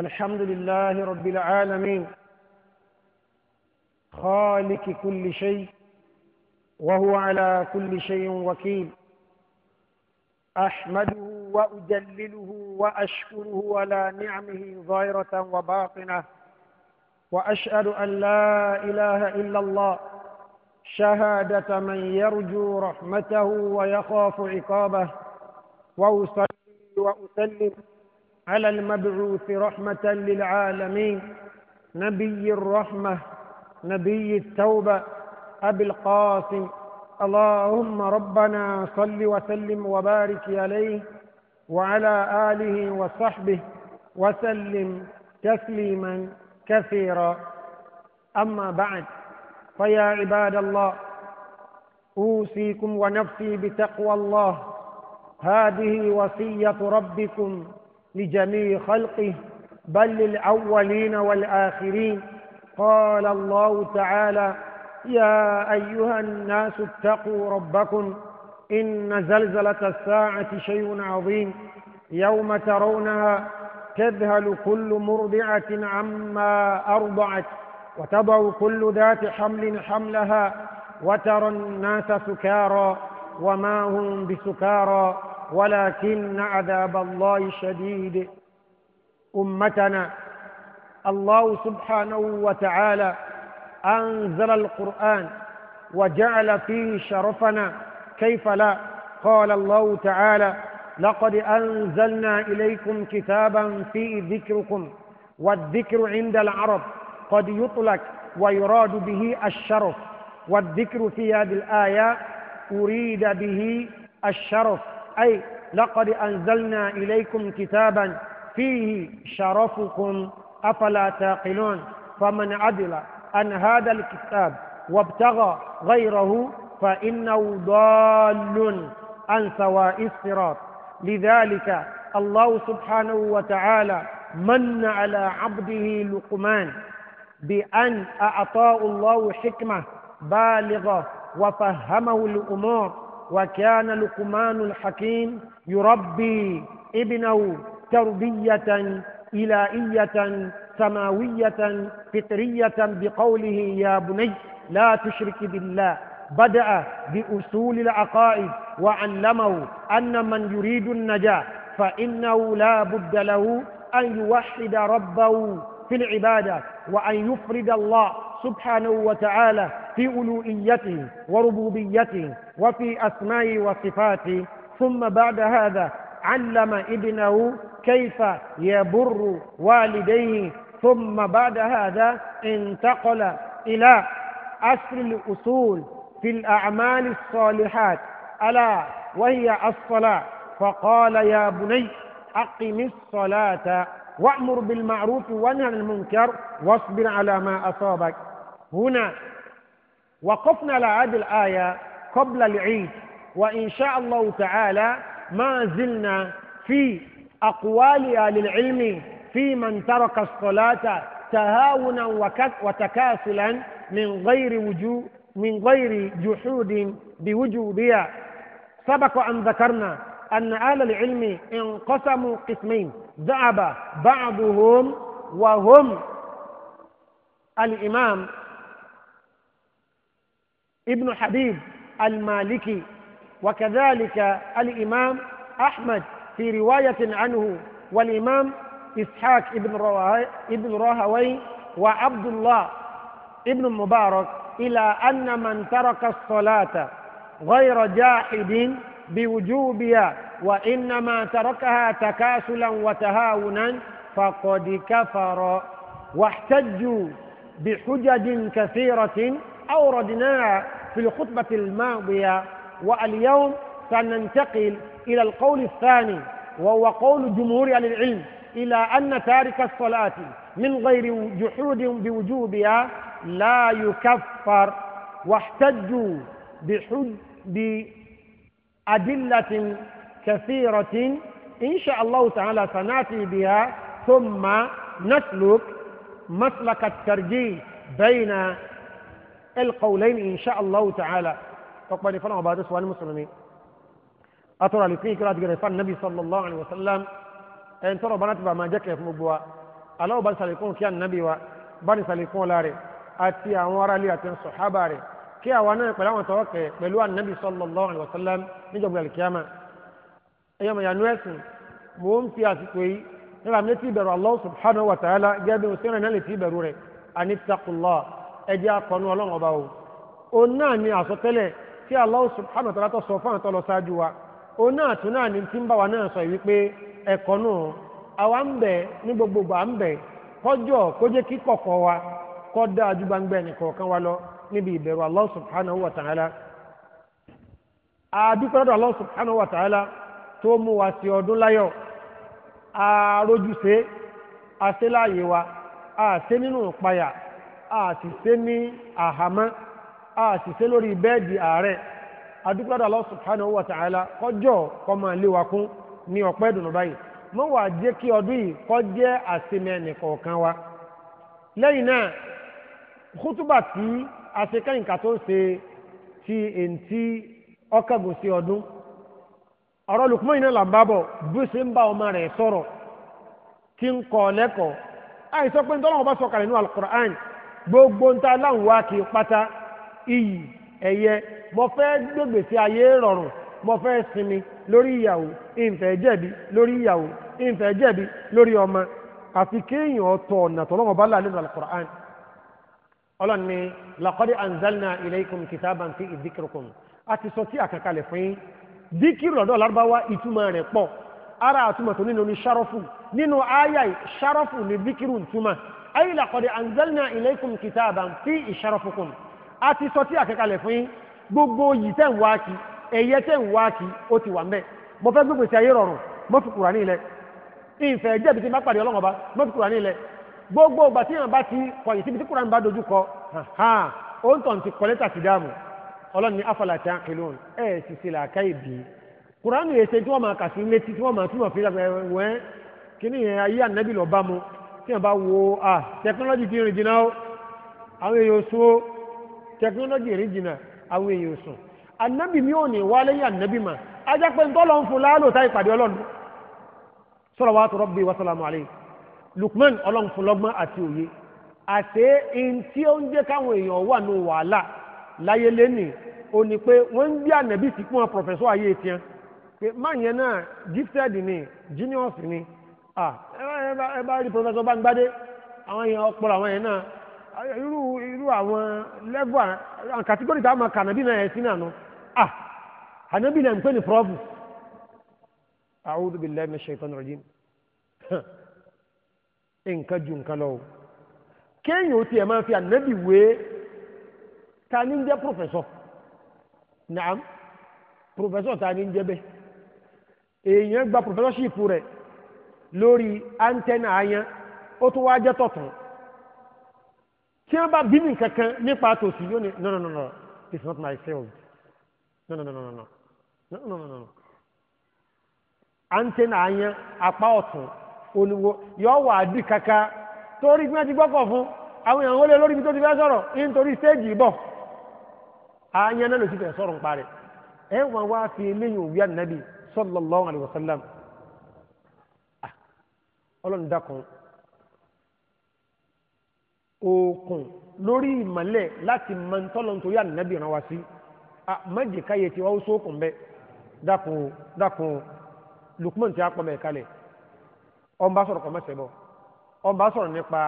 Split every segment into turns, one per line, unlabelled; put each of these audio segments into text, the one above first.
الحمد لله رب العالمين خالق كل شيء وهو على كل شيء وكيل أحمده وأجلله وأشكره على نعمه ظاهرة وباطنة وأشهد أن لا إله إلا الله شهادة من يرجو رحمته ويخاف عقابه وأصلي وأسلم على المبعوث رحمة للعالمين نبي الرحمة نبي التوبة أبي القاسم اللهم ربنا صل وسلم وبارك عليه وعلى آله وصحبه وسلم تسليما كثيرا أما بعد فيا عباد الله أوصيكم ونفسي بتقوى الله هذه وصية ربكم لجميع خلقه بل للأولين والآخرين قال الله تعالى يا أيها الناس اتقوا ربكم إن زلزلة الساعة شيء عظيم يوم ترونها تذهل كل مرضعة عما أرضعت وتضع كل ذات حمل حملها وترى الناس سكارى وما هم بسكارى ولكن عذاب الله شديد أمتنا الله سبحانه وتعالى أنزل القرآن وجعل فيه شرفنا كيف لا قال الله تعالى لقد أنزلنا إليكم كتابا فيه ذكركم والذكر عند العرب قد يطلق ويراد به الشرف والذكر في هذه الآية أريد به الشرف أي لقد أنزلنا إليكم كتابا فيه شرفكم أفلا تعقلون فمن عدل عن هذا الكتاب وابتغى غيره فإنه ضال عن سواء الصراط لذلك الله سبحانه وتعالى من على عبده لقمان بأن أعطاه الله حكمة بالغة وفهمه الأمور وكان لقمان الحكيم يربي ابنه تربية إلهية سماوية فطرية بقوله يا بني لا تشرك بالله بدأ بأصول العقائد وعلمه أن من يريد النجاة فإنه لا بد له أن يوحد ربه في العبادة وأن يفرد الله سبحانه وتعالى في ألوئيته وربوبيته وفي أسمائه وصفاته ثم بعد هذا علم ابنه كيف يبر والديه ثم بعد هذا انتقل إلى أصل الأصول في الأعمال الصالحات ألا وهي الصلاة فقال يا بني أقم الصلاة وأمر بالمعروف وانهى عن المنكر واصبر على ما أصابك هنا وقفنا على هذه الآية قبل العيد وإن شاء الله تعالى ما زلنا في أقوال أهل العلم في من ترك الصلاة تهاونا وتكاسلا من غير وجوه من غير جحود بوجوبها سبق أن ذكرنا أن أهل العلم انقسموا قسمين ذهب بعضهم وهم الإمام ابن حبيب المالكي وكذلك الإمام أحمد في رواية عنه والإمام إسحاق ابن ابن راهوي وعبد الله ابن مبارك إلى أن من ترك الصلاة غير جاحد بوجوبها وإنما تركها تكاسلا وتهاونا فقد كفر واحتجوا بحجج كثيرة أوردناها في الخطبة الماضية واليوم سننتقل إلى القول الثاني وهو قول جمهور أهل العلم إلى أن تارك الصلاة من غير جحود بوجوبها لا يكفر واحتجوا بحج أدلة كثيرة إن شاء الله تعالى سنأتي بها ثم نسلك مسلك الترجيح بين القولين إن شاء الله تعالى فقبل فنع بعد سؤال المسلمين أترى لكي كرات جريفان النبي صلى الله عليه وسلم أن ترى بنات ما جاك في مبوا ألا بل سليكون كيان النبي وبني سليكون لاري أتي أمور لي أتي الصحابة kí àwọn náà pẹ̀lú àwọn tọ́wọ́kẹ̀ pẹ̀lú ànábì sallallahu alaihi wasallam níjọba alìkíyàmà ẹ̀yọ́ mọ̀ yànú ẹ̀sìn mò ń fi àsìkò yìí nígbà mi ti ìbẹ̀rù Allah subhanahu wa ta'ala gẹ́gẹ́ bí sẹ́rẹ̀ náà létí ìbẹ̀rù rẹ̀ àní taqullah ẹjẹ́ akọni ọlọ́run ọba o òun náà ni àsọtẹ́lẹ̀ tí Allah subhanahu wa ta'ala sọ níbi ìbẹ̀rù Allah subhanahu wa ta'ala àdúpẹ́rẹ́dọ̀ Allah subhanahu wa ta'ala tó mú wa sí ọdún láyọ̀ àrójúṣe àṣeláyé wa àṣe nínú ìpayà àṣìṣe ní àhámọ́ àṣìṣe lórí bẹ́ẹ̀dì ààrẹ àdúpẹ́rẹ́dọ̀ Allah subhanahu wa ta'ala kọjọ́ àṣekẹ́yìnká tó ń ṣe ti èntì ọkàgùn sí ọdún ọ̀rọ̀ Lukman náà là ń bá bọ̀ bí ó ṣe ń bá ọmọ rẹ̀ sọ̀rọ̀ kí ń kọ́ lẹ́kọ̀ọ́ àìsọ pé nítorí wọn bá gbogbo ń ta láwọn wá kí pátá iyì ẹ̀yẹ mo fẹ́ gbègbè rọrùn mo sinmi lórí ìyàwó jẹ̀bi lórí ìyàwó jẹ̀bi lórí ọmọ àfi kéèyàn ọ̀tọ̀ ọ̀nà bá là nínú ọlọ́run ni laqad anzalna ilaykum kitaban fi dhikrikum a ti sọ tí àkàkalẹ̀ fún yín díkìrì ọ̀dọ́ lárúbáwá ìtumọ̀ rẹ̀ pọ̀ ara àtumọ̀ tó nínú ní ṣárọ́fù nínú àyà ṣárọ́fù ní díkìrì ìtumọ̀ ay laqad anzalna ilaykum kitaban fi sharafukum a ti sọ tí àkàkalẹ̀ fún gbogbo yìí tẹ̀ ń wá ẹ̀yẹ tẹ̀ ń wá ó ti wà ń gbogbo ọgbà tí yàn bá ti kọ̀yìn síbi tí kúrán bá dojú kọ ó ń tàn ti kọ lẹ́tà sí dáàmú ọlọ́ni afala taqilun ẹ̀ sì sí làákà ìbí kúránù èsè tí wọ́n máa kà sí létí tí wọ́n máa túmọ̀ fi wẹ́n kíní yẹn ayé ànábì lọ bá mu tí yàn bá wo ah tẹkinọ́lọ́jì ti rìn jìnnà ó àwọn èèyàn sùn ó tẹkinọ́lọ́jì rìn jìnnà àwọn èèyàn sùn ànábì mi ò ní wá lẹ́yìn ànábì mà ajá pé ntọ́lọ́ ń fún láàlò táyì pàdé ọlọ́run salawatu rabbi wa salamu alayhi Lukman ọlọ́run fún lọ́gbọ́n àti òye àti in tí ó ń jẹ́ káwọn èèyàn wà ní wàhálà láyé lẹ́nì o ní pé wọ́n ń gbé ànẹ́bí sí fún wọn pọ̀fẹ́sọ́ ayé tiẹ̀ pé má yẹn náà gifted ni genius ni ẹ bá rí pọ̀fẹ́sọ́ Bángbádé àwọn èèyàn ọpọlọ àwọn yẹn náà irú irú àwọn lẹ́gbọ̀ àwọn kàtígọ́rì tá a máa kà ànẹ́bí náà yẹn sí náà nù ànẹ́bí náà ń pè ní prọ́fù. A'udhu billahi nǹkan ju nǹkan lọ o kéèyàn ó tiẹ̀ máa fi ànábì wé ta ni ń jẹ́ pòfẹ́sọ̀ naam pòfẹ́sọ̀ ta ni ń jẹ́ bẹ́ẹ̀ èèyàn gba pòfẹ́sọ̀ṣìpù rẹ̀ lórí áńtẹ́nà ayan ó tún wáá jẹ́ tọ̀tún tí wọ́n bá bí nǹkan nípa tòsí yóò ní no no no no it's not my field no no no no no no no no no no áńtẹ́nà ayan apá ọ̀tún olùwò yọ wà dì kaka torí gbọ́n ti gbọ́kọ̀ fún àwọn èèyàn olè lórí ibi tó ti fẹ́ sọ̀rọ̀ nítorí stéèjì bọ̀ ààyàn náà ló ti fẹ́ sọ̀rọ̀ ń parẹ́ ẹ wọn wá fi eléyìn òwúyà nàbì sallallahu alaihi wasallam ah, ọlọ́run dákun òkun lórí ìmọ̀lẹ̀ láti mọ tọ́lọ́n torí ànàbì ràn wá sí ah, mọ́jì káyé tí wọ́n ó sókùn bẹ́ẹ̀ dákun dákun Lukman ti á pọ̀ mẹ́ẹ̀kalẹ̀ ọ̀n bá sọ̀rọ̀ kọ̀mọ́sẹ̀ bọ̀ ọ̀n bá sọ̀rọ̀ nípa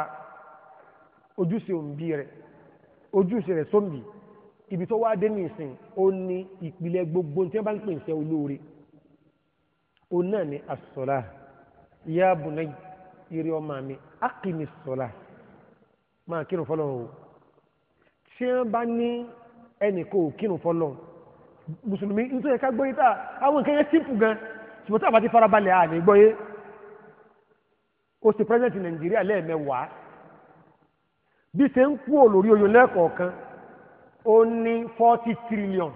ojúṣe òǹbí rẹ̀ ojúṣe rẹ̀ sóǹbì ibi tó wá dé ní ìsìn ó ní ìpìlẹ̀ gbogbo tí wọ́n bá ń pè iṣẹ́ olóore ó náà ní asọ̀lá ya bunay ìrì ọmọ mi ákìní sọ̀lá máa kírun fọlọ́run o tí wọ́n bá ní ẹnì kò kírun fọlọ́run mùsùlùmí nítorí ká gbóyè tá àwọn nǹkan yẹn sípù gan ṣùgbọ́n tá a bá ti farabalẹ̀ àná gbóyè ó ṣe pírẹ́sẹ̀ntì nàìjíríà lẹ́ẹ̀mẹ́wàá bí ṣe ń kú olórí oyún lẹ́ẹ̀kọ̀ọ̀kan ó ní forty trillion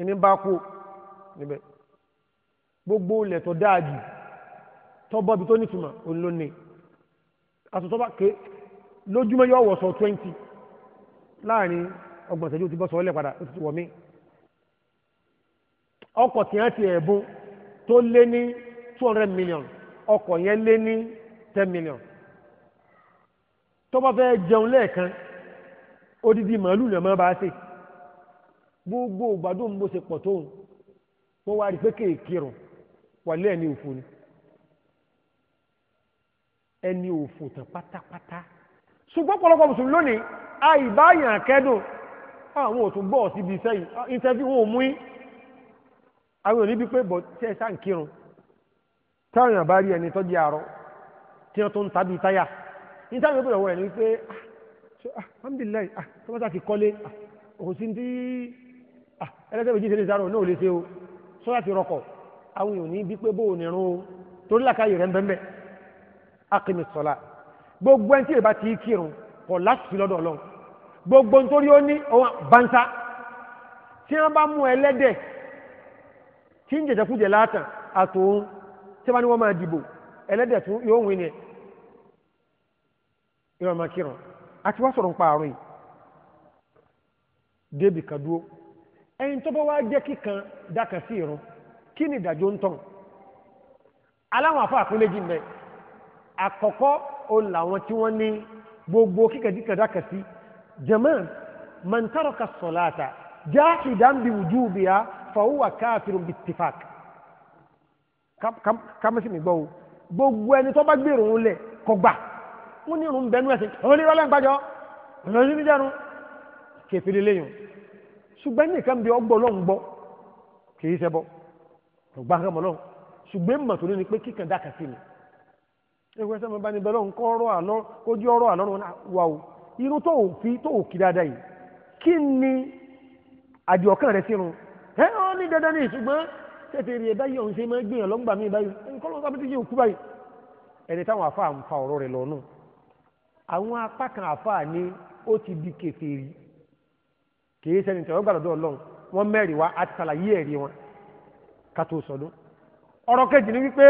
ìní bá kú níbẹ̀ gbogbo ilẹ̀ tó dáa jù tọ́bọ́bi tó nítumọ̀ òun ló ké lójúmọ́ yóò wọ̀ sọ twenty láàrin ọgbọ̀n ìṣẹ́jú ti bọ́ sọ ọ́lẹ̀ padà ó ti wọ̀ mí ọkọ̀ tí wọ́n two hundred million. ọkọ̀ yẹn lé ní ten million tó bá fẹ́ jẹun lẹ́ẹ̀kan odidi màálù lè má bá ṣe gbogbo ìgbàdo bó ṣe pọ̀ tóun wọ́n wá rí pé kéèké rùn ẹni òfò ni ẹni òfò tán pátápátá ṣùgbọ́n pọ̀lọpọ̀ mùsùlùmí lónìí kẹ́dùn àwọn òtún síbi sẹ́yìn wọn ò mú àwọn òní bí pé táwọn èèyàn bá rí ẹni tó jẹ́ àárọ̀ tí wọ́n tó ń tàbí táyà ní táwọn èèyàn bẹ̀rẹ̀ wọ̀ ẹ̀ ní pé ah, ah, alhamdulilayi ah, tọ́mọ́tà ti kọ́lé òun sí ti ẹlẹ́sẹ̀ méjì ṣẹlẹ̀ sáró náà lè ṣe o sọ́yà ti rọkọ̀ àwọn èèyàn ní bí pé bó o nìrún o torí làkàyè rẹ̀ ń bẹ́ẹ̀ akimi sọ̀la gbogbo ẹni tí ìbá ti kírun kọ̀ láti lọ́dọ̀ ọlọ́run tí wọ́n ní wọ́n máa dìbò ẹlẹ́dẹ̀ tún yóò win ni ìrọ̀ máa kírun àti wá sọ̀rọ̀ nípa àrùn yìí débì kan dúró ẹni tó bá wá jẹ́ kíkan dákan sí ìrun kí ni ìdájọ́ ń tàn aláwọn afọ àpín méjì mẹ́ àkọ́kọ́ ó làwọn tí wọ́n ní gbogbo kíkàdíkà dákan sí jẹ́mọ́ man taraka salata jahidan bi wujubiha fa huwa kafirun bi ittifaq kámẹ́sì mi gbọ́ o gbogbo ẹni tó bá gbèrò òun lẹ̀ kọ gbà wọ́n ní irun bẹnu ẹ̀sìn àwọn onírọ́ lẹ́ ń gbàjọ́ ọ̀nà sí ní jẹ́nu kẹfìrí lẹ́yìn ṣùgbọ́n nìkan bí ọgbọ́ ọlọ́run gbọ́ kìí ṣẹbọ ọgbà kan ọlọ́run ṣùgbọ́n mọ̀ tó ní ni pé kíkan dá kàtí mi ẹgbẹ́ sẹ́mi bá ní bẹ́ẹ̀ lọ́run kọ́ ọ̀rọ̀ àlọ́ kójú ọ̀rọ̀ àlọ́run wa o irun tó ò fi tó ò kí dáadáa yìí kí ni àdìọ̀kàn rẹ̀ sírun ẹ̀ ọ́ ní dandan ní ṣùgbọ́n tètè rí ẹ báyìí ọ̀hún ṣe máa ń gbìyànjú lọ́ngbà mí báyìí nǹkan ló ń sábẹ́ tíjì òkú báyìí ẹni táwọn afa ń fa ọ̀rọ̀ rẹ̀ lọ́nà àwọn apá kan afa ni ó ti di kèfèrí kìí sẹ́ni tẹ̀wọ́ gbàdọ̀dọ̀ ọlọ́run wọ́n mẹ́rin wá àti sàlàyé ẹ̀rí wọn ká tó sọdún ọ̀rọ̀ kejì ni wípé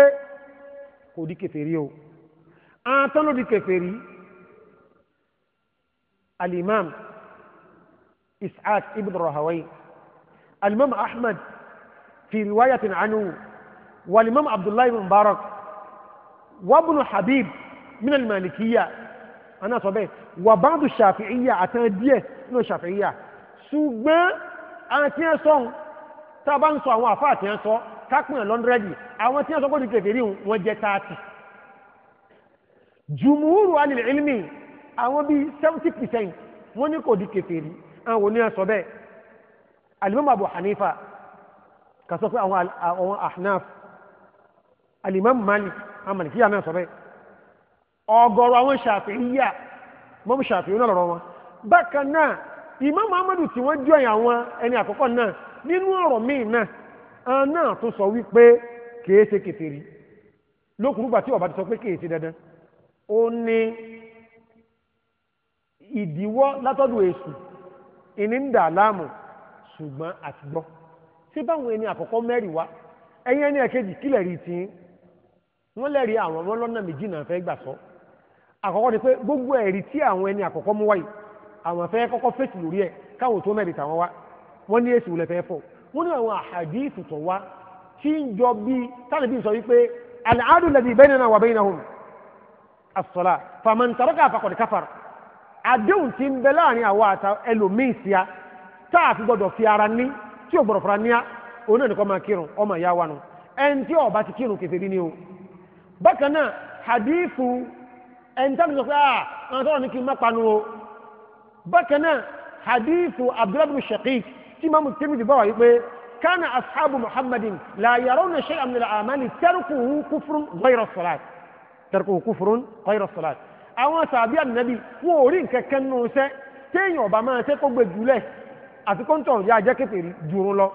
kò di kèfèrí o àtọ́ ló di kèfèrí alimam Isaac ibn Rahawai alimam Ahmad في رواية عنه والإمام عبد الله بن مبارك وابن حبيب من المالكية أنا صبي وبعض الشافعية أتندية من الشافعية سوما أتيا صون تابان صون وافا أتيا صون كاكمنا لون ردي أو أتيا صون قد كفيرين وجتاتي جمهور أهل العلم أو بي 70% wọ́n ní kò di kèfèrí àwọn oníyàn sọ bẹ́ẹ̀ alimam kàsọ pé àwọn àwọn ahnaf alimam malik amalikiya náà sọ bẹ́ẹ̀ ọ̀gọ̀rọ̀ àwọn ṣàfihíyà mọ́mú ṣàfihí náà lọ́rọ̀ wọn bákan náà imam muhammadu tí wọ́n jọ àwọn ẹni àkọ́kọ́ náà nínú ọ̀rọ̀ míì náà àwọn náà tó sọ wípé kìí ṣe kèfèrí lókùnrùgbà tí ọba ti sọ pé kìí dandan ó ní ìdíwọ́ látọ̀dọ̀ èṣù ìní ń dà láàmú ṣùgbọ́n àtìgbọ́ sí báwọn ẹni àkọ́kọ́ mẹ́rin wá ẹ̀yìn ẹni ẹ̀kejì kílẹ̀ rí ti wọ́n lẹ́rìí àwọn ọmọ lọ́nà méjì náà fẹ́ gbà sọ àkọ́kọ́ ni pé gbogbo ẹ̀rí tí àwọn ẹni àkọ́kọ́ mú wáyé àwọn fẹ́ kọ́kọ́ fèsì lórí ẹ̀ káwọn tó mẹ́rin tàwọn wá wọ́n ní èsì wọlé fẹ́ fọ́ wọ́n ní àwọn àhàdíìsì tó wá tí ń jọ bí táwọn sọ wípé al-aadu alladhi tí ò gbọ̀rọ̀ fara níyà òun náà nìkan máa kírun ọmọ ìyá wa nù ẹn tí ọba ti kírun kèfèrí ni o bákan náà hadithu ní ah, o bákan náà hadithu abdullahi tí mamu tẹ́mìtì bá wà yí pé كان أصحاب محمد لا يرون شيئا من الأعمال تركه كفر غير الصلاة تركه كفر غير الصلاة àwọn sàbí ànàbí wọn ò rí nǹkan kan nù sẹ téèyàn ọba àti kọ́ńtọ̀ yà jẹ́ kékeré jùrún lọ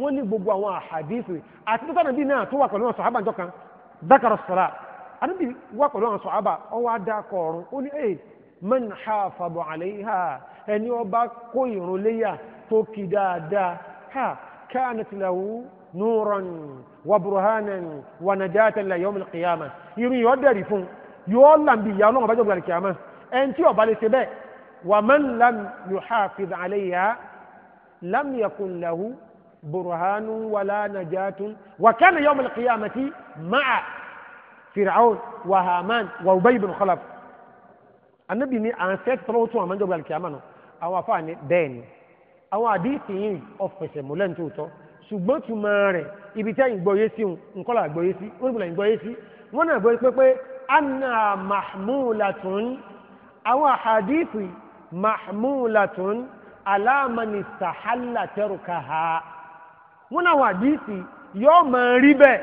wọ́n ní gbogbo àwọn àhàdíìsì àti tó tánàbí náà tó wà pẹ̀lú àwọn sọ̀hábà jọ kan dákàrọ̀ sọ̀rà àdúgbì wà pẹ̀lú àwọn sọ̀hábà ọwọ́ adákọ̀ ọ̀run ó ní ẹ̀ man hafabu alayha ẹni ọba kó ìrún léyà tó kì dáadáa ha kanat lahu nuran wa burhanan wa najatan la yawm al لم يكن له برهان ولا نجاة وكان يوم القيامة مع فرعون وهامان وأبي بن خلف النبي ni à ń sẹ́ tọ́lọ́wọ́ tún àmọ́ ìjọba alìkìyàmá nù àwọn afáà ní bẹ́ẹ̀ ni àwọn àdìsí yìí ọ̀fẹ̀sẹ̀ múlẹ̀ ní tòótọ́ ṣùgbọ́n túmọ̀ rẹ̀ ibi tẹ́yìn gbọ́yé sí òun nǹkan là gbọ́yé sí ó gbọ́dọ̀ gbọ́yé sí wọ́n náà gbọ́yé pépé anna mahmulatun àwọn àdìsí mahmulatun aláàmánì sàhálà tẹrùkà ha wọn àwọn àdìsí yóò máa rí bẹ́ẹ̀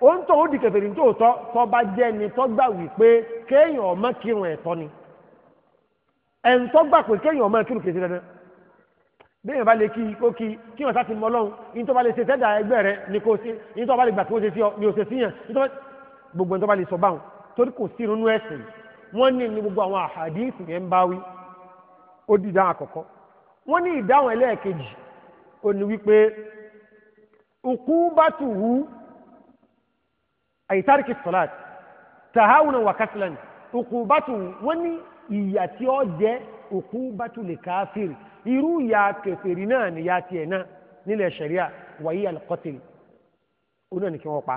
ó ń tọ́ ó di kẹfẹ́rì tó tọ́ tọ́ bá jẹ́ ni tọ́ gbà wípé kéèyàn ọmọ kírun ẹ̀tọ́ ni ẹ̀ńtọ́ gbà pé kéèyàn ọmọ kírun kìí ṣe dandan béèyàn bá lè kí kó kí kí wọn sáti mọ Ọlọ́run yìí tó bá lè ṣe tẹ́dà ẹgbẹ́ rẹ ni kò ṣe yìí tó bá lè gbà kó ṣe sí ọ ni ò ṣe síyàn gbogbo ẹ̀ńtọ́ bá lè sọ báwọn torí kò sí irunú ẹ̀sìn wọ́n ní ní gbogbo àwọn àhàdíìsì yẹn ń bá wí ó dìdá àkọ́kọ́ wọ́n ní ìdáhùn ẹlẹ́ẹ̀kejì ó ní wípé òkú bá tù wú àyítárìkì sọ́láàt tàháwùn wákàtìlán òkú bá tù wú wọ́n ní ìyà tí ó jẹ́ òkú bá tù lè káfíìrì irú ìyà kẹfẹ̀rì náà ni ìyà tiẹ̀ náà nílẹ̀ ṣẹ̀ríà wàyí alqatil ó náà ní pa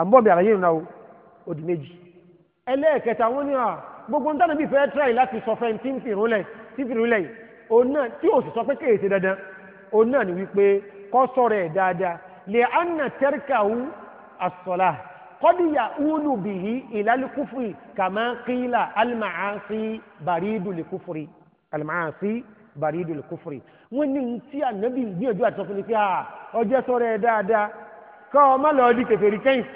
àbọ̀bì àlàyé ìrìnà òdì méjì ẹlẹ́ẹ̀kẹta wọ́n ní à ah, gbogbo ń tánà bí fẹ́ tíráì láti sọ fẹ́ ń fìrún lẹ̀ tí fìrù lẹ́yìn òun náà tí ò sì sọ pé kéèsè dandan òun náà ni wípé kọ́ sọ̀rọ̀ ẹ̀ dáadáa lè anna tẹ́ríkàwù àsọ̀lá kọ́díyà úlù bìhí ìlálùkúfùrì kàmá kílà alìmàásí bàrídùlùkúfùrì alìmàásí bàrídùlùkúfùrì wọ́n ní tí ànábì gbìyànjú àti sọfún ni pé ọjọ́ sọ̀rọ̀ ẹ̀ dáadáa kọ́ ọ má lọ di kèfèrí kẹ́yìn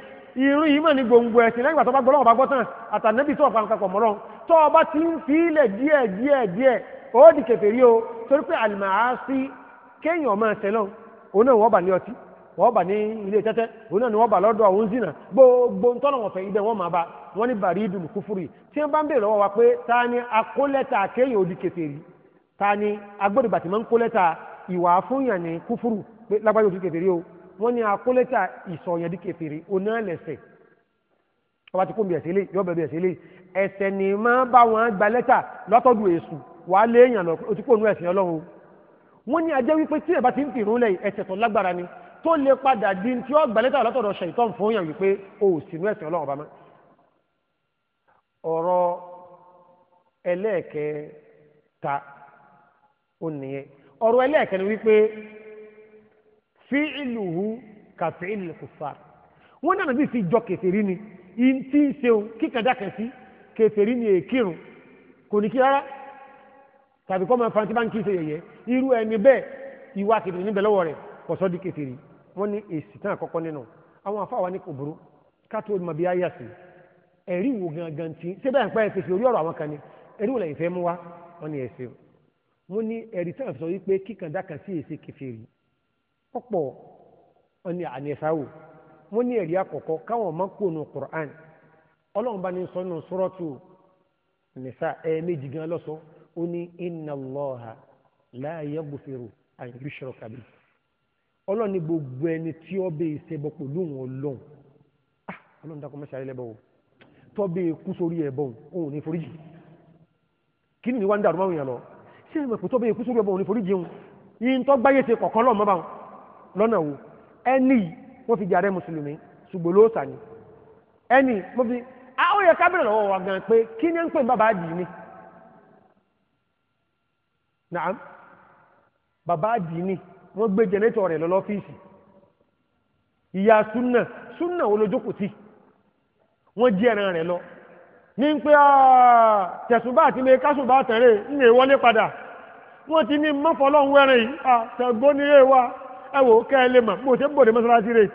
irú yìí mà ní gbòǹgbò ẹ̀sìn lẹ́yìn ìgbà tó bá gbọ́ bá gbọ́ tán àtànábì tó ọ̀pá nǹkan pọ̀ mọ́rọ́ tó ọba ti ń fi ilẹ̀ díẹ̀ díẹ̀ díẹ̀ ó di kèfèrí o torí pé àlùmáàsí kéèyàn ọmọ ẹ̀sẹ̀lọ́n òun náà wọ́n bà ní ọtí wọ́n bà ní ilé tẹ́tẹ́ òun náà ni wọ́n bà lọ́dọ̀ àwọn zina gbogbo ń tọ́nà wọ̀fẹ́ ibẹ̀ wọ́n máa bá wọ́n ní bàrí ìdùnnú kúfúrì tí wọ́n bá ń bèèrè lọ́wọ́ pé ta ni akólẹ́ta kéèyàn ó di kèfèrí ta ni agbódìbàtì máa ń kólẹ́ta ìwà fúnyàn ní kúfúrù pé lágbájá ó di kèfèrí o wọ́n ní wà á lé èèyàn lọ o ti kó nu ẹ̀sìn ọlọ́run wọ́n ní ajẹ́ wípé tí ẹ̀bá ti ń fìrún lẹ̀ ẹ̀sẹ̀ tó lágbára ni tó lè padà di tí ó gbàlẹ́tà lọ́tọ̀dọ̀ ṣèyítọ́n fún yàn wípé o ò sínú ẹ̀sìn ọlọ́run ọba mọ́ ọ̀rọ̀ ẹlẹ́ẹ̀kẹta ó nìyẹn ọ̀rọ̀ ẹlẹ́ẹ̀kẹ́ ni wípé fi ìlúhu kàfẹ́ ìlú kùfà wọ́n náà bí fi jọ kẹfẹ́rí ni ìntí ń ṣeun kíkàdákẹ́ sí kẹfẹ́rí ni èkírun kò ní kí rárá tàbí kọ́ máa fa tí bá ń kí ṣe yẹ̀yẹ́ irú ẹni bẹ́ẹ̀ ìwà kìdìrì níbẹ̀ lọ́wọ́ rẹ̀ kọ̀sọ́ di kẹfìrì wọ́n ní èsì tán àkọ́kọ́ nínú àwọn afáwa ní kòbúrú kátó mọ̀ bí ayà sí ẹ̀rí wo gangan tí ṣé bẹ́ẹ̀ ń pẹ́ ẹ̀sẹ̀ sí orí ọ̀rọ̀ àwọn kan ni ẹ̀rí wo lẹ́yìn fẹ́ mú wá wọ́n ní ẹ̀sẹ̀ wọ́n ní ẹ̀rí tán sọ wípé kíkàndá kan sí èsì kẹfìrì ọ̀pọ̀ wọ́n ní àní Qur'an ọlọ́run bá ní sọ́nù sọ́rọ́tù nìsa ẹ̀ẹ́mẹ́jì ó ní inna Allaha la yaghfiru an gbogbo ẹni tí ó bẹ ìṣẹ́bọ pẹ̀lú òun ọlọ́run ah ọlọ́run mẹ́sàn-án o tọ́ bẹ kú sórí ẹbọ òun ní foríjì kí ni wọ́n ń dàrú máwùn yẹn lọ ṣé ẹ̀mọ̀ pé tọ́ bẹ kú sórí ẹbọ òun ní foríjì òun yìí tọ́ gbáyé ṣe lọ́nà wo ẹni wọ́n fi jàre mùsùlùmí ṣùgbọ́n lóòsàn ni ẹni wọ́n fi naam bàbá àdìní wọ́n gbé jẹnẹtọ̀ rẹ̀ lọ lọ́fíìsì ìyá súnà súnà olójókòó tí wọ́n jí ẹran rẹ̀ lọ ní pé tẹ̀sùnbá àti mi kásùnbá tẹ̀rẹ̀ ń lè wọlé padà wọ́n ti ní mọ́fọ́lọ́hún ẹran yìí àtẹ̀gbó ní ẹ wa ẹ wò kẹ́ ẹ lè mà bó ṣe bòde mọ́sálásí rẹ̀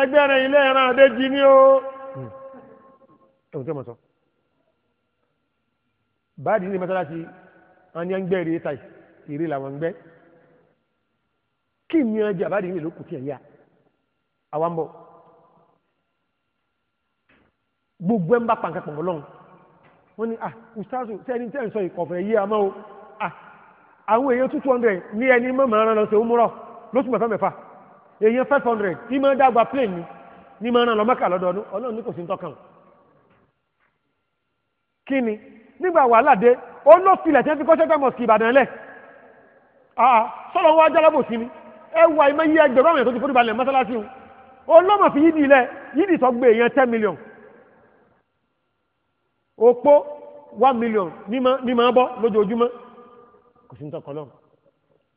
ẹgbẹ́ rẹ̀ ilé ẹran àdéjì ni ó. Hmm. ẹ̀wùn tí wọ́n sọ báàdì ní mọ́sálásí àwọn yẹn ń gbẹ́ ìrè táì ìrè làwọn ń gbẹ́ kí ni ọjà àbáde ìrè ló kù tiẹ̀ yá àwa ń bọ̀ gbogbo ẹ̀ ń bá pàǹkà pọ̀ lọ́hùn wọ́n ní ah ustazu sẹ́ni tẹ́ ń sọ ìkọ̀fẹ́ yé amọ́ o ah àwọn èèyàn two hundred ní ẹni mọ̀mọ́ ara lọ sí òmùrọ̀ lóṣù mẹ́fà mẹ́fà èèyàn five hundred ní máa dàgbà plane ni ní máa ràn lọ mẹ́kà lọ́dọọdún ọlọ́run ní kò sí ń tọ́kàn kí ni nígbà wàhálà dé olófilẹ̀ tí wọ́n fi kọ́ṣẹ́ fẹ́mọ̀ sí ìbàdàn lẹ̀ ah, ah, sọ́lọ́ wá jálábò sí ni ẹwà ìmọ̀yí ẹgbẹ̀rún àwọn èèyàn tó ti forí balẹ̀ mọ́sálásí wọn olómọ̀ fi yídì ilẹ̀ yídì tó gbé èèyàn ten million òpó one million ní máa bọ́ lójoojúmọ́ kò sí ní tọkọ lọ́wọ́